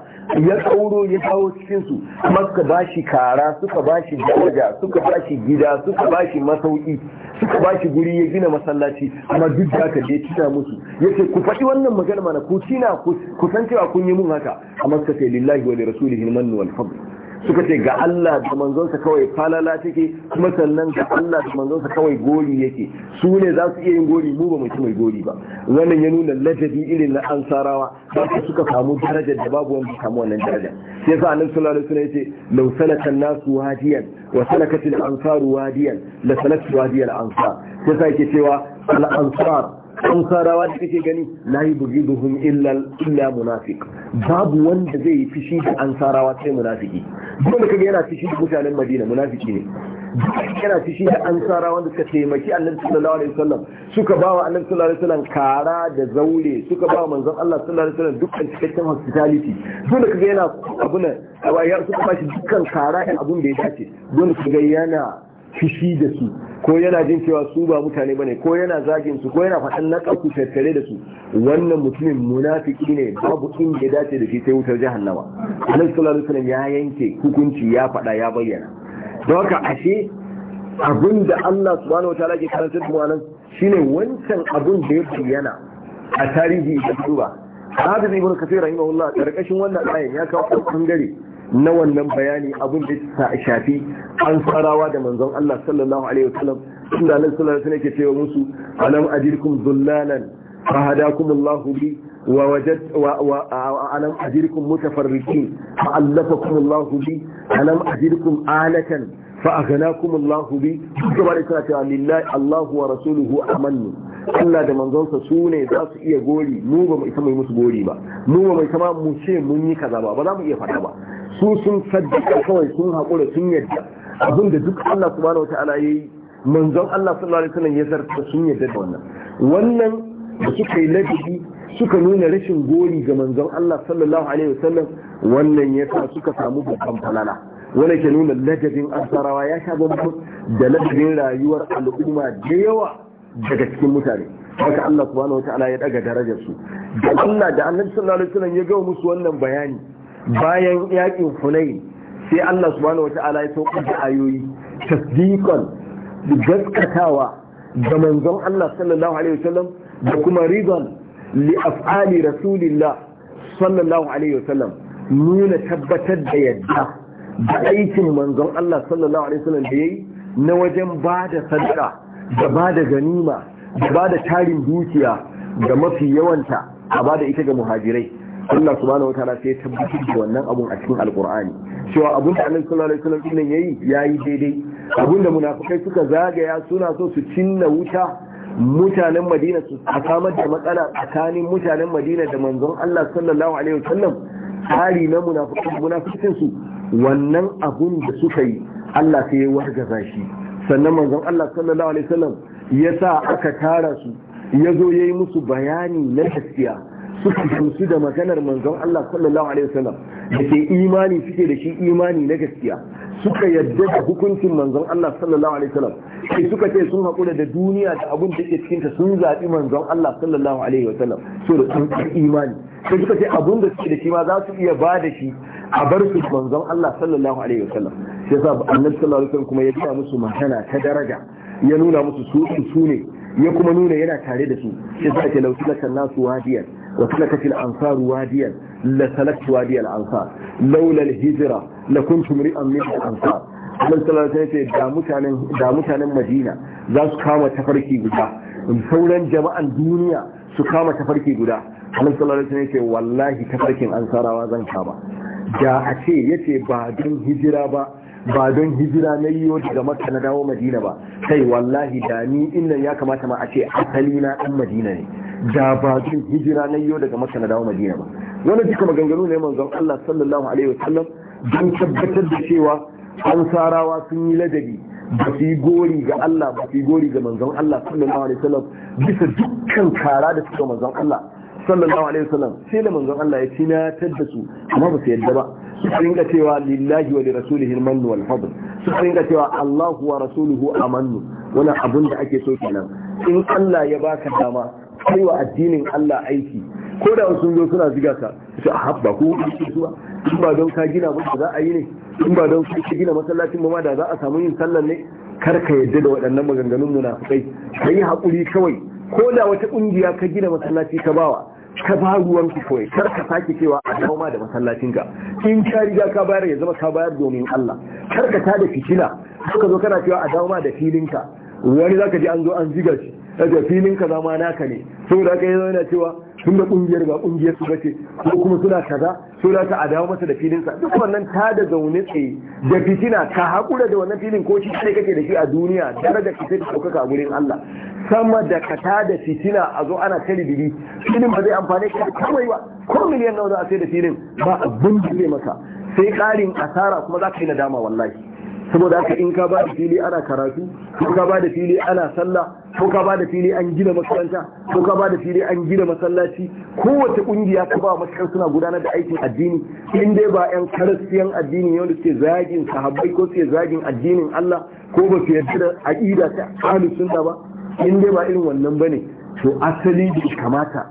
ya tsauro ya kawo cikin su kuma ba shi kara suka ba shi daraja suka ba shi gida suka ba shi masauki suka ba shi guri ya gina masallaci amma duk da aka je tina musu yace ku faɗi wannan magana mana ku tina ku san cewa kun yi mun haka amma suka ce lillahi wa li rasulihi al-mannu fadl suka ce ga Allah da manzonsa kawai falala take kuma sannan ga Allah da manzonsa kawai gori yake su ne za su iya yin gori mu ba mu ci mai gori ba wannan ya nuna ladabi irin na ansarawa ba su suka samu darajar da babu wanda samu wannan daraja sai yasa annabi sallallahu alaihi wasallam yace law salaka nasu wadiyan wa salakat al-ansaru wadiyan la salakat wadiyan ansar sai yake cewa al-ansar amsarawa da kake gani la yubghiduhum illa illa munafik. babu wanda zai yi fishi da ansarawa sai munafiki dole kaga yana fishi da mutanen Madina munafiki ne yana fishi da ansara da suka taimaki annabi sallallahu alaihi wasallam suka bawa annabi sallallahu alaihi wasallam kara da zaure suka bawa manzon Allah sallallahu alaihi wasallam dukkan cikakken hospitality dole kaga yana abuna ya suka bashi dukkan kara da abun da ya dace dole kaga yana Fishi da su ko yana jin cewa su ba mutane bane ko yana zagin su ko yana faɗan na ƙarfi tattare da su wannan mutumin munafiki ne babu inda ya dace da shi sai wutar jahannama annabi sallallahu alaihi ya yanke hukunci ya faɗa ya bayyana don haka ashe abin da Allah subhanahu wataala ke karantar da mu anan shine wancan abin da ya yana a tarihi da duba Hadis Ibn Kathir rahimahullah karkashin wannan ayin ya kawo bangare na wannan bayani abin da ta shafi an farawa da manzon Allah sallallahu alaihi wasallam inda nan sallallahu alaihi ke cewa musu alam ajirkum zullalan fa Allah bi wa wajad wa alam ajirkum mutafarriqin Allah bi alam ajirkum alatan fa aghnakum Allah bi gaba da tana cewa lillahi Allah wa rasuluhu amannu Allah da manzonsa su ne za su iya gori mu ba mu isa mai musu gori ba mu ba mai kama mu ce mun yi kaza ba ba za mu iya faɗa ba su sun saddaka kawai sun haƙura sun yadda abin da duk Allah subhanahu wa ta'ala yayi manzon Allah sallallahu alaihi wasallam ya zarta sun yadda da wannan wannan da suka yi ladabi suka nuna rashin gori ga manzon Allah sallallahu alaihi wasallam wannan ya sa suka samu babban falala Wani ke nuna ladabin ansarawa ya sha bambam da ladabin rayuwar al'umma da yawa daga cikin mutane haka Allah subhanahu wataala ya daga darajar su da Allah da Annabi sallallahu alaihi wasallam ya ga musu wannan bayani bayan yakin Hunayn sai Allah subhanahu wataala ya sauka da ayoyi tasdiqan gaskatawa ga manzon Allah sallallahu alaihi wasallam da kuma ridan li af'ali rasulillah sallallahu alaihi wasallam nuna tabbatar da yadda da aikin manzon Allah sallallahu alaihi wasallam da yayi na wajen ba da sadaka da ba da ganima da ba da tarin dukiya da mafi yawanta a ba da ita ga muhajirai Allah subhanahu wataala sai ya tabbatar da wannan abun a cikin alkur'ani cewa abun da Annabi sallallahu alaihi wasallam din yayi yayi daidai abun da munafikai suka zagaya suna so su cinna wuta mutanen Madina su a samar da matsala tsakanin mutanen Madina da manzon Allah sallallahu alaihi wasallam tsari na munafikin su wannan abun da suka yi Allah sai ya wargaza shi sannan manzon Allah sallallahu alaihi wasallam ya sa aka tara su ya zo ya yi musu bayani na gaskiya suka gamsu da maganar manzon Allah sallallahu alaihi wasallam da ke imani suke da shi imani na gaskiya suka yarda da hukuncin manzon Allah sallallahu alaihi wasallam sai suka ce sun haƙura da duniya da abin da ke cikinta sun zaɓi manzon Allah sallallahu alaihi wasallam so da sun imani sai suka ce abin da suke da shi ma za su iya ba da shi a bar su manzon Allah sallallahu alaihi wasallam sai sa annabi sallallahu alaihi wasallam kuma ya gina musu magana ta daraja ya nuna musu su su ne ya kuma nuna yana tare da su sai sa ke lauki lakan nasu wadiyan وسلكت الأنصار واديا لسلكت وادي الأنصار لولا الهجرة لكنت امرئا من الأنصار Allah sallallahu alaihi wasallam da mutanen Madina za su kama tafarki guda sauran jama'an duniya su kama tafarki guda Allah sallallahu alaihi ce wallahi tafarkin ansarawa zan kama da a ce yace ba don hijira ba ba don hijira na yi daga maka na dawo madina ba sai wallahi da ni innan ya kamata ma a ce asali na ɗan madina ne da ba jin hijira na yau daga maka na dawo madina ba wani duka maganganu ne manzon Allah sallallahu alaihi wasallam don tabbatar da cewa ansarawa sun yi ladabi ba su yi gori ga Allah ba su yi gori ga manzon Allah sallallahu alaihi wasallam bisa dukkan kara da suka manzon Allah sallallahu alaihi wasallam sai da manzon Allah ya tinatar da su amma ba su yadda ba su dinga cewa lillahi wa lirasulihi al-mannu wal fadl su ringa cewa Allahu wa rasuluhu amannu wani abun da ake so kenan in Allah ya baka dama kai wa addinin Allah aiki ko da sun zo suna ziga ka su a habba ko zuwa in ba don ka gina ba za a yi ne in ba don ka gina masallacin ba da za a samu yin sallar ne kar ka yadda da waɗannan maganganun munafikai ka yi haƙuri kawai ko da wata ƙungiya ka gina masallaci ka bawa ka ba ruwan ku kawai kar ka sake cewa a dawo ma da masallacinka in ka riga ka bayar ya zama ka bayar domin Allah kar ka tada fitina ka zo kana cewa a dawo ma da filinka wani zaka ji an zo an ziga shi daga filin kaza zama naka ne da aka yi yana cewa tun da kungiyar ba kungiyar su bace ko kuma suna kaza so da ka adawa masa da filin sa duk wannan ta da zaune tsaye da fitina ka hakura da wannan filin ko shi ne kake da shi a duniya daraja da sai ka a gurin Allah sama da ka ta da fitina a zo ana tare biri filin ba zai amfani ka kawai ba ko miliyan nawa za a sai da filin ba abin da zai maka sai karin asara kuma za ka yi nadama wallahi saboda haka in ka ba da fili ana karatu ko ka ba da fili ana sallah ko ka ba da fili an gina makaranta ko ka ba da fili an gina masallaci kowace kungiya ka ba matakar suna gudanar da aikin addini in dai ba yan karasiyan addini ne wanda suke zagin sahabbai ko suke zagin addinin Allah ko ba su yarda da aqida ta ahlus sunna ba in dai ba irin wannan bane to asali bai kamata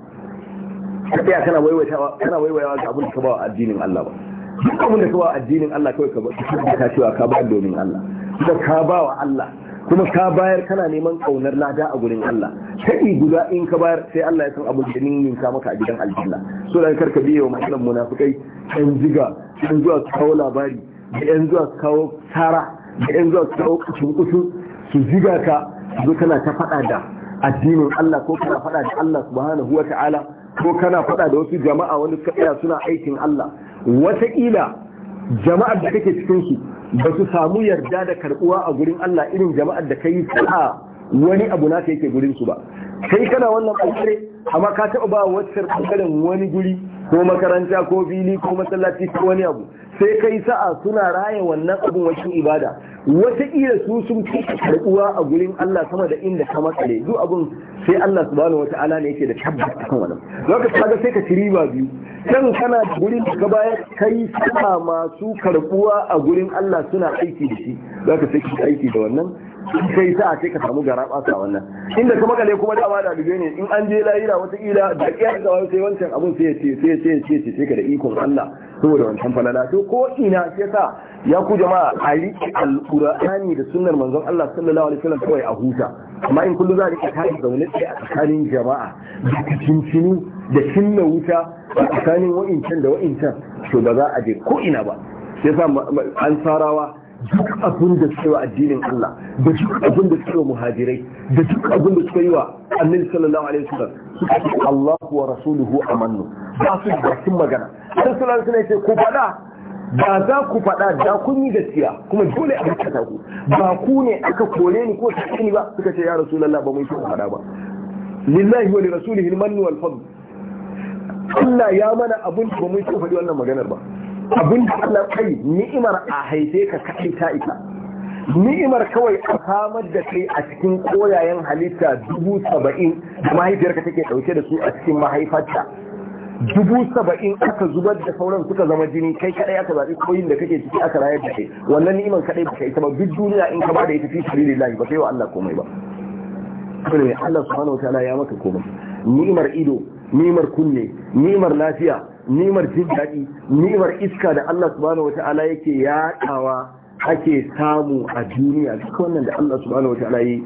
ka tsaya kana waiwayawa kana waiwaya ga abin da ka ba addinin Allah ba duk abin da addinin Allah kawai ka ba ka cewa ka bayar domin Allah kuma ka ba wa Allah kuma ka bayar kana neman kaunar lada a gurin Allah shaɗi guda in ka bayar sai Allah ya san abin da nin ka maka a gidan aljanna so da karka biye wa matsalan munafikai yan ziga yan zuwa su kawo labari da yan zuwa su kawo tara da yan zuwa su kawo kashin su ziga ka zo kana ta faɗa da addinin Allah ko kana faɗa da Allah subhanahu wa ta'ala ko kana faɗa da wasu jama'a wanda suka tsaya suna aikin Allah wataƙila jama'ar da kake cikinsu ba su samu yarda da karɓuwa a gurin Allah irin jama'ar da ka yi sa'a wani abu naka yake gurinsu ba sai kana wannan ɓangare amma ka taɓa ba wacce ɓangaren wani guri ko makaranta ko fili ko masallaci ko wani abu sai kai sa'a suna raya wannan abin wajen ibada wataƙila su sun fi karɓuwa a gurin Allah sama da inda ka matsale duk abin sai Allah subhanahu ala ne yake da tabbas akan wannan zaka kaga sai ka ci riba biyu kan kana da gurin da ka bayar kai sa'a masu karɓuwa a gurin Allah suna aiki da shi zaka sai ka aiki da wannan sai sa a sai ka samu gara basa wannan inda ka magale kuma dama da dube ne in an je layira wata ila, da kiyar da wani sai wancan abun sai ce sai ce sai ce sai ka da ikon Allah saboda wancan falala to ko ina sai sa ya ku jama'a a riƙe alƙur'ani da sunnar manzon Allah sallallahu alaihi wasallam kawai a huta amma in kullu za a riƙe zaune tsaye a tsakanin jama'a da cincinu da cinna wuta a tsakanin wa'incan da wa'incan to ba za a je ko ina ba sai sa an sarawa duk abin da suka yi wa addinin Allah da duk abin da suka yi wa muhajirai da duk abin da suka yi wa annabi sallallahu alaihi wasallam suka ce Allah wa rasuluhu amannu ba su da sun magana sai sallallahu alaihi ce ku faɗa ba za ku faɗa da kun yi gaskiya kuma dole a gaskata ku ba ku ne aka kore ni ko take ni ba suka ce ya rasulullah ba mu yi faɗa ba lillahi wa li rasulihi al-mannu wal fadl Allah ya mana abin da ba mu yi faɗi wannan maganar ba abin da Allah kai ni'imar a haife ka kai ta ita ni'imar kawai a samar da kai a cikin koyayen halitta dubu saba'in da mahaifiyarka take dauke da su a cikin mahaifarta dubu saba'in aka zubar da sauran suka zama jini kai kadai aka zaɓi koyin da kake ciki aka rayar da kai wannan ni'imar kadai baka ita ba duk duniya in ka ba da ita fi sabilillahi ba kai wa Allah komai ba saboda Allah subhanahu wataala ya maka komai ni'imar ido ni'imar kunne ni'imar lafiya ni'imar jin daɗi ni'imar iska da Allah subhanahu wata'ala yake yaɗawa ake samu a duniya duk wannan da Allah subhanahu wata'ala yi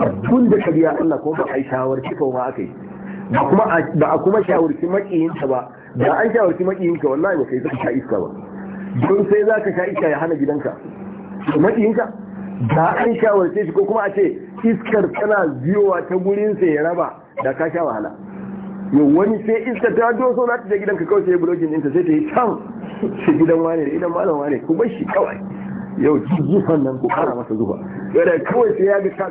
abun da ka biya Allah kuma ba a yi shawar kawai ma aka yi ba a kuma shawarci maƙiyinta ba da an shawarci maƙiyinka wallahi ba kai zaka sha iska ba don sai za ka sha iska ya hana gidanka maƙiyinka da an shawarce shi ko kuma a ce iskar tana biyowa ta gurinsa ya raba da ka sha wahala yau wani sai iska ta doso za ta je ka kawai sai bulokin ɗinta sai ta yi can shi gidan wane da idan malam wane ku bar shi kawai yau jijjifan nan ku kara masa zuba yau kawai sai ya ga ka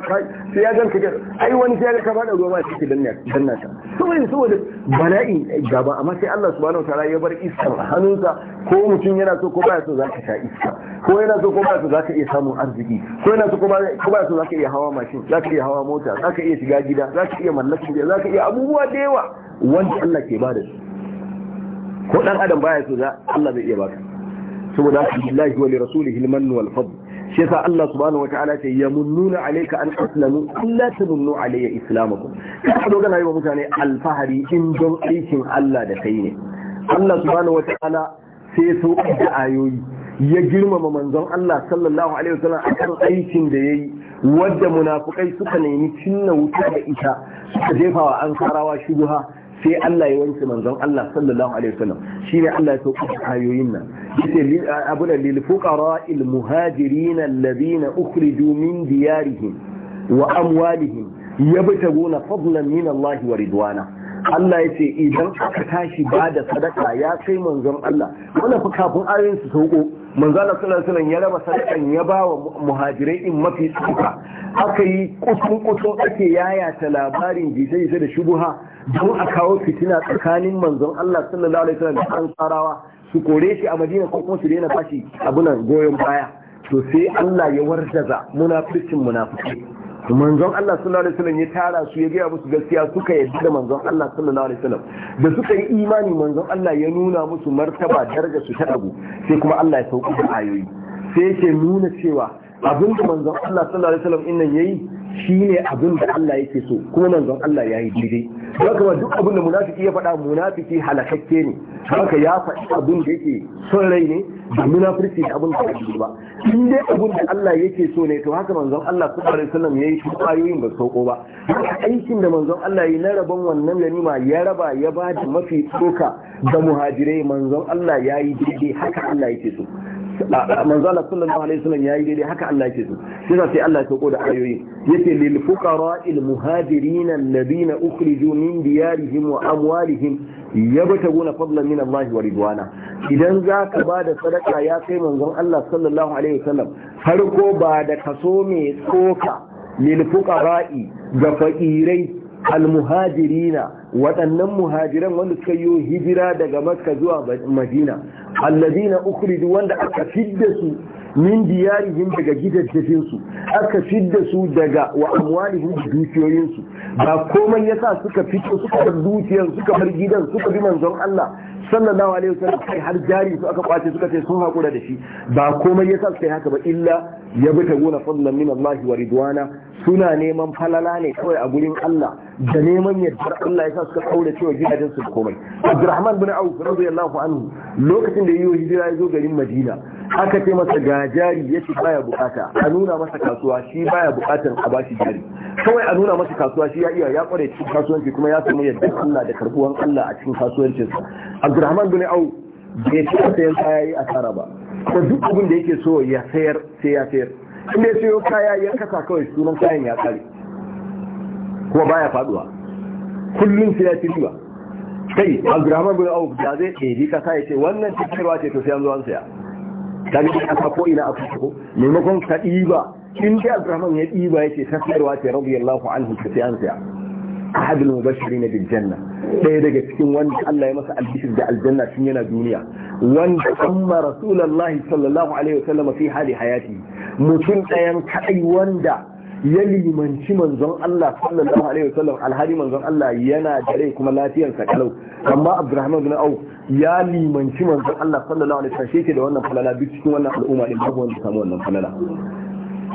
sai ya ganka ai wani sai ya ga ka fada ruwa ma shi danna danna ta saboda saboda bala'i eh, gaba amma sai Allah subhanahu wataala ya bar iska a hannunsa ko mutum yana so ko baya so zaka sha iska ko yana so ko baya so zaka iya samun arziki ko yana so ko baya so zaka iya hawa mashin zaka iya hawa mota zaka iya shiga gida zaka iya mallakin gida zaka iya abubuwa da yawa wanda Allah ke bada su ko dan adam baya so da Allah zai iya baka saboda haka billahi wa li rasulihi al-mann wal fadl shi yasa Allah subhanahu wataala ce yamunnuna alayka an aslamu illa tamunnu alayya islamakum ka dogana yi wa mutane alfahari in don aikin Allah da kai ne Allah subhanahu wataala sai so da ayoyi ya girmama manzon Allah sallallahu alaihi wasallam akan aikin da yayi wadda munafukai suka nemi cinna wuta da ita suka jefa wa ansarawa shubha sai Allah ya wanke manzon Allah sallallahu alaihi wasallam shine Allah ya sauka ayoyin nan yace abuna lil fuqara al muhajirin alladhina ukhriju min diyarihim wa amwalihim yabtaguna fadlan min Allah wa ridwana Allah yace idan aka tashi ba da sadaka ya kai manzon Allah wannan fa kafin ayoyin su sauko manzana sallallahu ya raba sadakan ya ba wa muhajirai in mafi tsuka aka yi kusun kusun ake yayata labarin jita-jita da shubuha don a kawo fitina tsakanin manzon Allah sallallahu alaihi wasallam da an tsarawa su kore shi a madina ko kuma su daina bashi abunan goyon baya to sai Allah ya warjaza munafikin munafiki manzon Allah sallallahu alaihi wasallam ya tara su ya gaya musu gaskiya suka yadda da manzon Allah sallallahu alaihi wasallam da suka yi imani manzon Allah ya nuna musu martaba daraja su ta dagu sai kuma Allah ya sauki da ayoyi sai yake nuna cewa abin da manzon Allah sallallahu alaihi wasallam innan yayi shine abin da Allah yake so kuma manzon Allah yayi daidai haka ma duk abin da munafiki ya faɗa munafiki halakakke ne haka ya faɗi abin da yake son rai ne da munafiki da abin da yake ba in dai abin da Allah yake so ne to haka manzon Allah sallallahu alaihi wasallam yayi shi ayoyin ba sauko ba aikin da manzon Allah yayi na rabon wannan lanima ya raba ya ba da mafi tsoka da muhajirai manzon Allah yayi daidai haka Allah yake so manzala sallallahu alaihi wasallam yayi daidai haka Allah yake so sai sa sai Allah ya sauko da ayoyi yace lil fuqara'il muhajirin alladhina ukhriju min diyarihim wa amwalihim yabtaguna fadlan min Allah wa ridwana idan za zaka bada sadaka ya kai manzon Allah sallallahu alaihi wasallam farko ba da kaso mai tsoka lil fuqara'i ga fakirai almuhajirina waɗannan muhajiran wanda suka yi hijira daga makka zuwa madina allazina ukhriju wanda aka fidda su min diyarihim daga gidajen su aka fidda su daga wa amwalihim da dukiyoyin su ba komai yasa suka fito suka bar dukiyar suka bar gidan suka bi manzon Allah sallallahu alaihi wasallam kai har jari su aka kwace suka ce sun hakura da shi ba komai yasa su kai haka ba illa ya bi gona fadlan min Allah wa ridwana suna neman falala ne kawai a gurin Allah da neman yadda Allah yasa suka kaura cewa gidajen su komai Abdurrahman bin Auf radiyallahu anhu lokacin da yayi hijira ya zo garin Madina aka ce masa ga jari yace baya bukata a nuna masa kasuwa shi baya bukatar a bashi jari kawai a nuna masa kasuwa shi ya iya ya kware cikin kasuwanci kuma ya samu yadda Allah da karbuwan Allah a cikin kasuwancinsa abdurrahman bin au bai ce sayan kaya yi asara ba ko duk abin da yake so ya sayar sai ya sayar in ya sayo kaya ya kasa kawai sunan kayan ya kare kuma baya faduwa kullum sai ya fi riba kai abdurrahman bin au da zai ɗebi kasa ya ce wannan cikirwa ce to sai an zo an saya ta ya kasa ko ina a ko maimakon ka ɗiba in dai abdurrahman ya ɗiba ya ce ta sayarwa ce rabu yallahu anhu ta sai an saya ahadul mubashirin bil janna ɗaya daga cikin wanda Allah ya masa albishir da aljanna tun yana duniya wanda amma rasulullahi sallallahu alaihi wa wasallam fi hali hayati mutum ɗayan kadai wanda ya limanci manzon Allah sallallahu alaihi wa sallam, alhali manzon Allah yana da rai kuma sa kalau amma Abdurrahman bin Auf ya limanci manzon Allah sallallahu alaihi wa sallam, shi ke da wannan falala duk cikin wannan al'umma din babu wanda samu wannan falala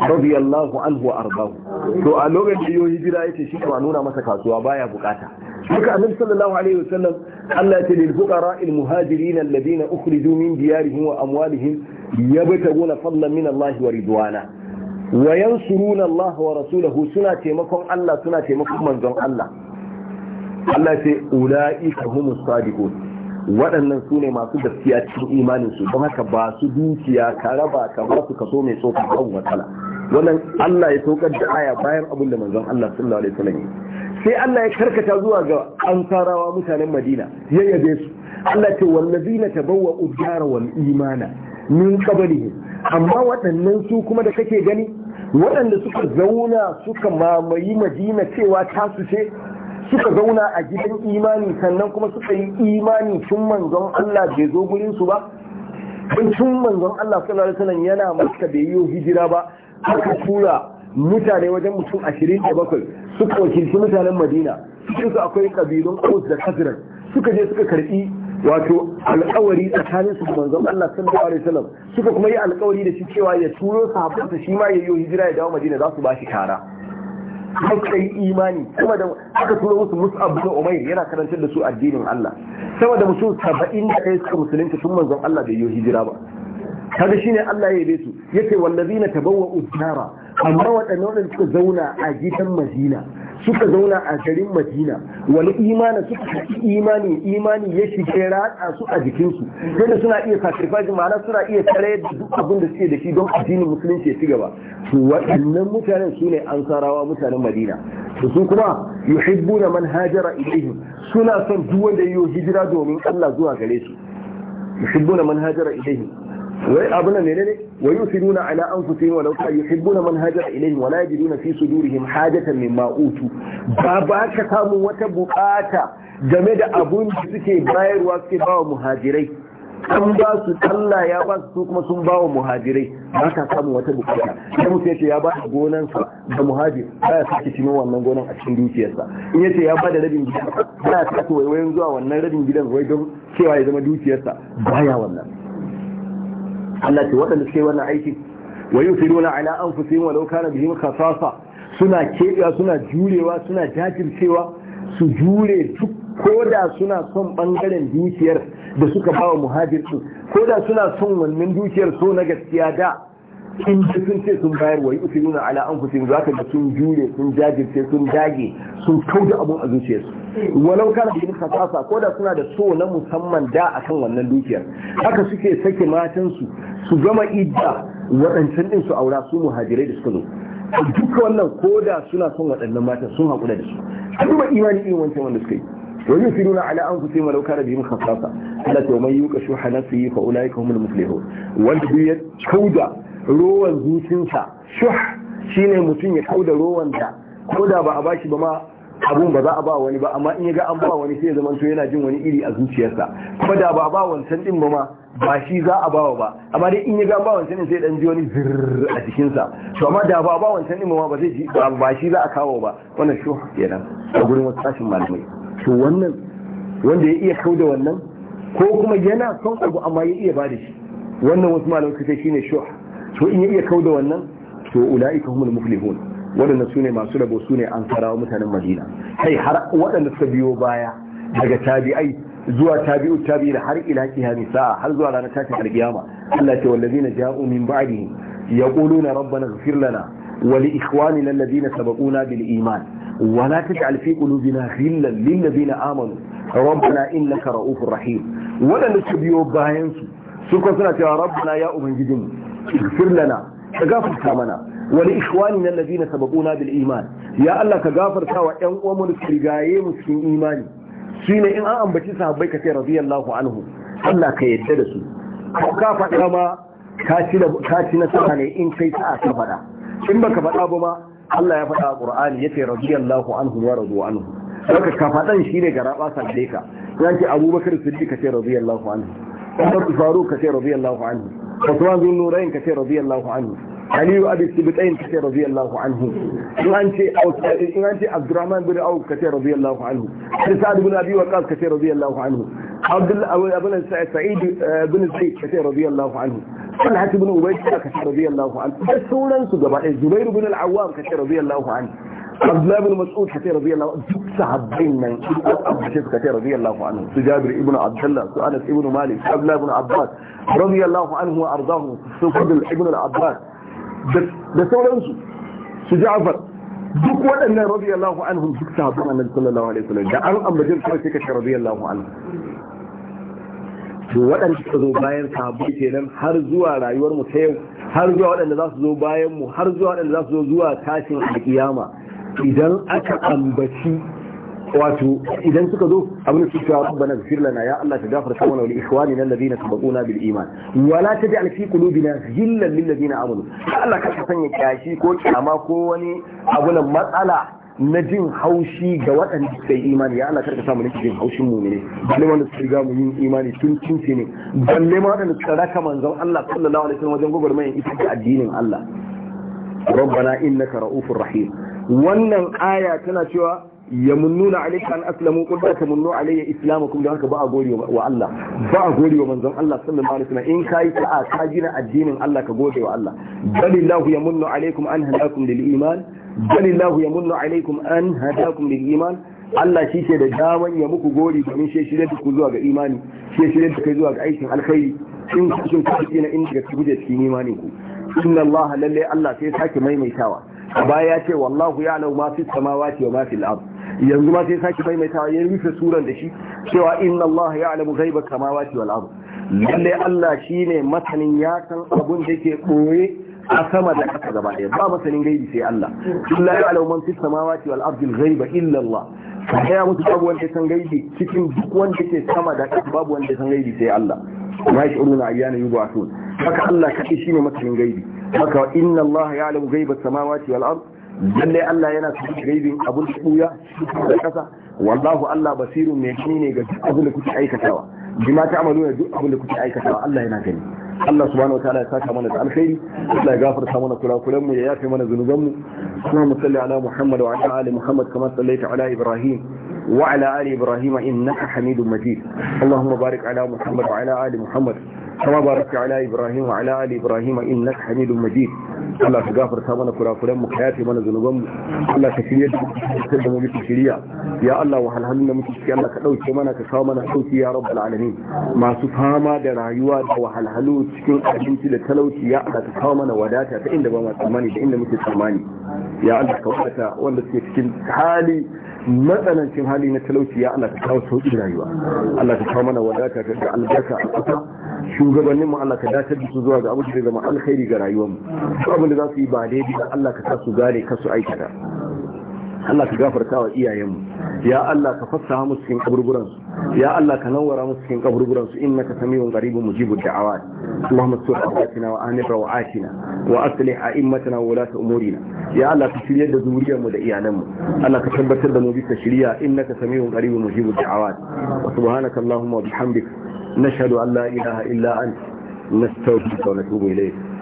radiyallahu anhu ardahu to a lokacin da yoyi jira yace shi ba nuna masa kasuwa baya bukata duka annabi sallallahu alaihi wasallam Allah ya ce lil fuqara al muhajirin alladhina ukhriju min diyarihim wa amwalihim yabtaguna fadlan min Allah wa ridwana wa yansuruna Allah wa rasulahu suna taimakon Allah suna taimakon manzon Allah Allah ya ce ulaika humus sadiqun waɗannan su ne masu gaskiya cikin imanin su don haka ba su dukiya ka raba ka ba su kaso mai tsoka babu matsala wannan Allah ya saukar da aya bayan abin da manzon Allah sallallahu alaihi wasallam sai Allah ya karkata zuwa ga ansarawa mutanen Madina ya yabe su Allah ce wallazina tabawwa udara wal imana min qablihim amma waɗannan su kuma da kake gani waɗanda suka zauna suka mamayi madina cewa tasu ce suka zauna a gidan imani sannan kuma suka yi imani cin manzon Allah bai zo gurin su ba kan cin manzon Allah sallallahu alaihi wasallam yana maka bai yi hijira ba aka tura mutane wajen mutum ashirin da bakwai suka wakilci mutanen Madina cikin su akwai kabilun Aus da Khazraj suka je suka karbi wato alƙawari tsakanin su manzon Allah sallallahu alaihi wasallam suka kuma yi alƙawari da shi cewa ya turo sahabbansa shi ma ya yi hijira ya dawo Madina za su ba shi kara haka yi imani sama da aka tura musu mus'ab bin umair yana karantar da su addinin Allah sama da mutum 71 suka musulunta tun manzon Allah bai yi hijira ba kaga shine Allah ya yabe su yace wallazina tabawwa'u dara amma wadannan suka zauna a gidan Madina suka zauna a garin madina wani imanin suka haƙi imani imani ya shiga ratsa su a jikinsu yadda suna iya sacrifice ma'ana suna iya tare da duk abin da suke da shi don addinin musulunci ya ci gaba to waɗannan mutanen su ne ansarawa mutanen madina to su kuma yuhibbuna man hajara ilaihim suna son duk wanda yayi hijira domin Allah zuwa gare su yuhibbuna man hajara ilaihim wai abu na menene wa yusiruna ala anfusihim wa law kana yuhibbuna man hajara ilayhim wa la yajiduna fi sudurihim hajatan mimma utu ba ba ka samu wata bukata game da abun da suke bayarwa suke bawa muhajirai an ba su talla ya ba su kuma sun ba wa muhajirai ba ka samu wata bukata sai mutum yace ya ba da gonansa da muhajir ba ya sake cin wannan gonan a cikin dukiyarsa in yace ya ba da rabin gidan ba ya sake waiwayin zuwa wannan rabin gidan wai don cewa ya zama dukiyarsa baya wannan Allah ce waɗanda suke wannan aiki wa yusiruna ala anfusihim walau kana bihim khasasa suna kebewa suna jurewa suna jajircewa su jure duk ko da suna son ɓangaren dukiyar da suka bawa muhajir su ko da suna son wannan dukiyar so na gaskiya da in ji sun ce sun bayar wa yi nuna ala an kusin za ka ga sun jure sun jajirce sun dage sun kauda abun a zuciyarsu walau kana yin kasasa ko da suna da so na musamman da akan wannan dukiyar haka suke sake matansu su gama idda waɗancan ɗin su aura su muhajirai da suka zo duka wannan ko da suna son waɗannan matan sun haƙura da su a duba imani irin wancan wanda suka yi an ويؤثرون ta انفسهم ولو كان بهم خصاصه التي ومن يوق شح نفسه فاولئك هم المفلحون والبيت kauda. rowan zucinsa shuh ne mutum ya kauda rowan da ko da ba a bashi ba ma abun ba za a ba wani ba amma in ya ga an ba wani sai ya zama to yana jin wani iri a zuciyarsa ko da ba a ba wancan din ba ma ba shi za a bawa ba amma dai in ya ga ba wancan din sai dan ji wani zirr a jikinsa to amma da ba a ba wancan din ba ma ba zai ji ba shi za a kawo ba wannan shuh kenan a gurin wasu tashin malamai to wannan wanda ya iya kauda wannan ko kuma yana son abu amma ya iya ba da shi wannan wasu malamai suka shine shuh to in ya iya kauda wannan to ula'ika humul muflihun waɗanda su ne masu rabo su ne an karawa mutanen madina kai har waɗanda suka biyo baya daga tabi'ai zuwa tabi'u tabi'i da har ila kiyami sa'a har zuwa ranar tashin alkiyama Allah ce wallazina ja'u min ba'dihi yaquluna rabbana ighfir lana wa li ikhwanina alladhina sabaquna bil iman wa la taj'al fi qulubina ghillan lil ladina amanu rabbana innaka ra'ufur rahim waɗanda suka biyo bayansu. su suna cewa rabbuna ya ubangijin ighfir lana ka gafarta mana wa na ikhwanina na sabaquna bil iman ya Allah ka gafarta wa ƴan uwanmu da rigaye mu cikin imani shine in an ambaci sahabbai ka ce radiyallahu anhu Allah ka yadda da su ka faɗa ma ka ci nasara ne in kai ta ka faɗa in baka faɗa ba ma Allah ya faɗa a Qur'ani yace radiyallahu anhu wa radu anhu saka ka faɗan shine garaba sa ka yanki Abubakar Siddiq ka ce radiyallahu anhu Umar Faruq kace radiyallahu anhu Usman bin Nurayn kace radiyallahu anhu Ali Abi Sibtain kace radiyallahu anhu in an ce in an ce bin Auf kace radiyallahu anhu Sa'd bin Abi eh, bin Sa'id bin Zaid kace radiyallahu anhu Talha bin Ubayd kace radiyallahu anhu da sauransu gaba ɗaya Zubair bin Al-Awwam kace radiyallahu Abdullahi bin Mas'ud kace radiyallahu anhu duk sahabbai nan kace kace radiyallahu anhu su Jabir ibn Abdullah su Anas ibn Malik su Abdullahi ibn Abbas radiyallahu anhu wa ardahu su Fadl ibn al-Abbas da sauransu su Ja'far duk waɗannan radiyallahu anhum duk sahabban Annabi sallallahu alaihi wasallam da an ambace su kace kace radiyallahu anhu to waɗanda suka zo bayan sahabbai kenan har zuwa rayuwar mu ta yau har zuwa waɗanda za su zo bayan mu har zuwa waɗanda za su zo zuwa tashin alƙiyama idan aka ambaci wato idan suka zo abin da suke rabbana gafir lana ya Allah ta gafarta wani wa na ikhwanina alladhina sabaquna bil iman Wala wa la taj'al fi qulubina ghillan lil ladina amanu Allah ka sanya kyashi ko kyama ko wani abunan matsala na jin haushi ga waɗanda suka yi imani ya Allah karka samu nake jin haushin mu ne balle wanda suka riga mu yin imani tun cince ne balle ma waɗanda suka raka manzon Allah sallallahu alaihi wasallam wajen gwagwarmayar ita da addinin Allah ربنا إنك رؤوف رحيم wannan aya tana cewa ya munnuna alaika an aslamu qul la tamunnu alayya islamakum da haka ba a gori wa Allah ba a gori wa manzon Allah sallallahu alaihi wasallam in kai sa'a ka gina addinin Allah ka gode wa Allah balillahu yamunnu alaykum an hadakum lil iman balillahu yamunnu alaykum an hadakum lil iman Allah shi ke da daman ya muku gori domin shi shirye ku zuwa ga imani shi shirye ku kai zuwa ga aikin alkhairi in kun kasance na inda ka guje cikin imanin ku inna Allah lalle Allah sai sake maimaitawa a baya ya ce wallahu ya alau ma fi samawati wa ma fil ard yanzu ma sai saki maimaitawa ya rufe suran da shi cewa inna Allah ya alamu ghaiba samawati wa ard lalle Allah shi ne masanin ya san abun da ke koye a sama da ƙasa gaba ɗaya ba masanin gaibi sai Allah illa ya alamu man fi samawati wa ard ghaiba illa Allah ka gaya musu babu wanda ya san gaibi cikin duk wanda ke sama da ƙasa babu wanda ya san gaibi sai Allah ma ya shi uruna ayyana yubu asun haka Allah kaɗai shi ne masanin gaibi haka inna Allah ya alamu gaiba samawati wal ard lalle Allah yana sanin gaibin abun tsuya da ƙasa wallahu Allah basirun mai gani ne ga duk abin da kuke aikatawa bima ta amalu duk abin da kuke aikatawa Allah yana gani Allah subhanahu wataala ya saka mana da alkhairi Allah ya gafarta mana kurakuran mu ya yafe mana zunuban mu kuma salli ala Muhammad wa ala ali Muhammad kama sallaita ala Ibrahim wa ala ali Ibrahim innaka Hamidum Majid Allahumma barik ala Muhammad wa ala ali Muhammad كما باركت على إبراهيم وعلى آل innaka إنك حميد مجيد الله تغفر ثمن كرافرن mu kayafe mana zanuban mu Allah ka shirye da mu da mu bi shiriya ya Allah wa halhalin da muke ciki Allah ka dauke mana ka kawo mana sauki ya rabbal alamin masu fama da rayuwa da wahalhalu cikin abinci da talauci ya Allah ka kawo mana wadata ta inda ba mu tsammani da inda muke tsammani ya Allah ka wadata wanda suke cikin hali matsanancin hali na talauci ya Allah ka kawo sauƙi rayuwa Allah ka kawo mana wadata ga albarka a ƙasa shugabannin mu Allah ka dace da su zuwa ga abin da zama alkhairi ga rayuwar mu abin da za su yi ba daidai da Allah ka sa su gane ka su aikata Allah ka gafarta wa iyayenmu ya Allah ka fassaha musu cikin kaburburan su ya Allah ka nawwara musu cikin kaburburan su innaka samiyun qaribun mujibud da'awat Allahumma sur afatina wa amir rawatina wa aslih a'immatana wa ulata umurina ya Allah ka shiryar da zuriyar da iyalanmu mu Allah ka tabbatar da mu bisa shiriya innaka samiyun qaribun mujibud da'awat wa subhanaka Allahumma wa bihamdik nashhadu an la ilaha illa anta نستودعك ونتوب إليك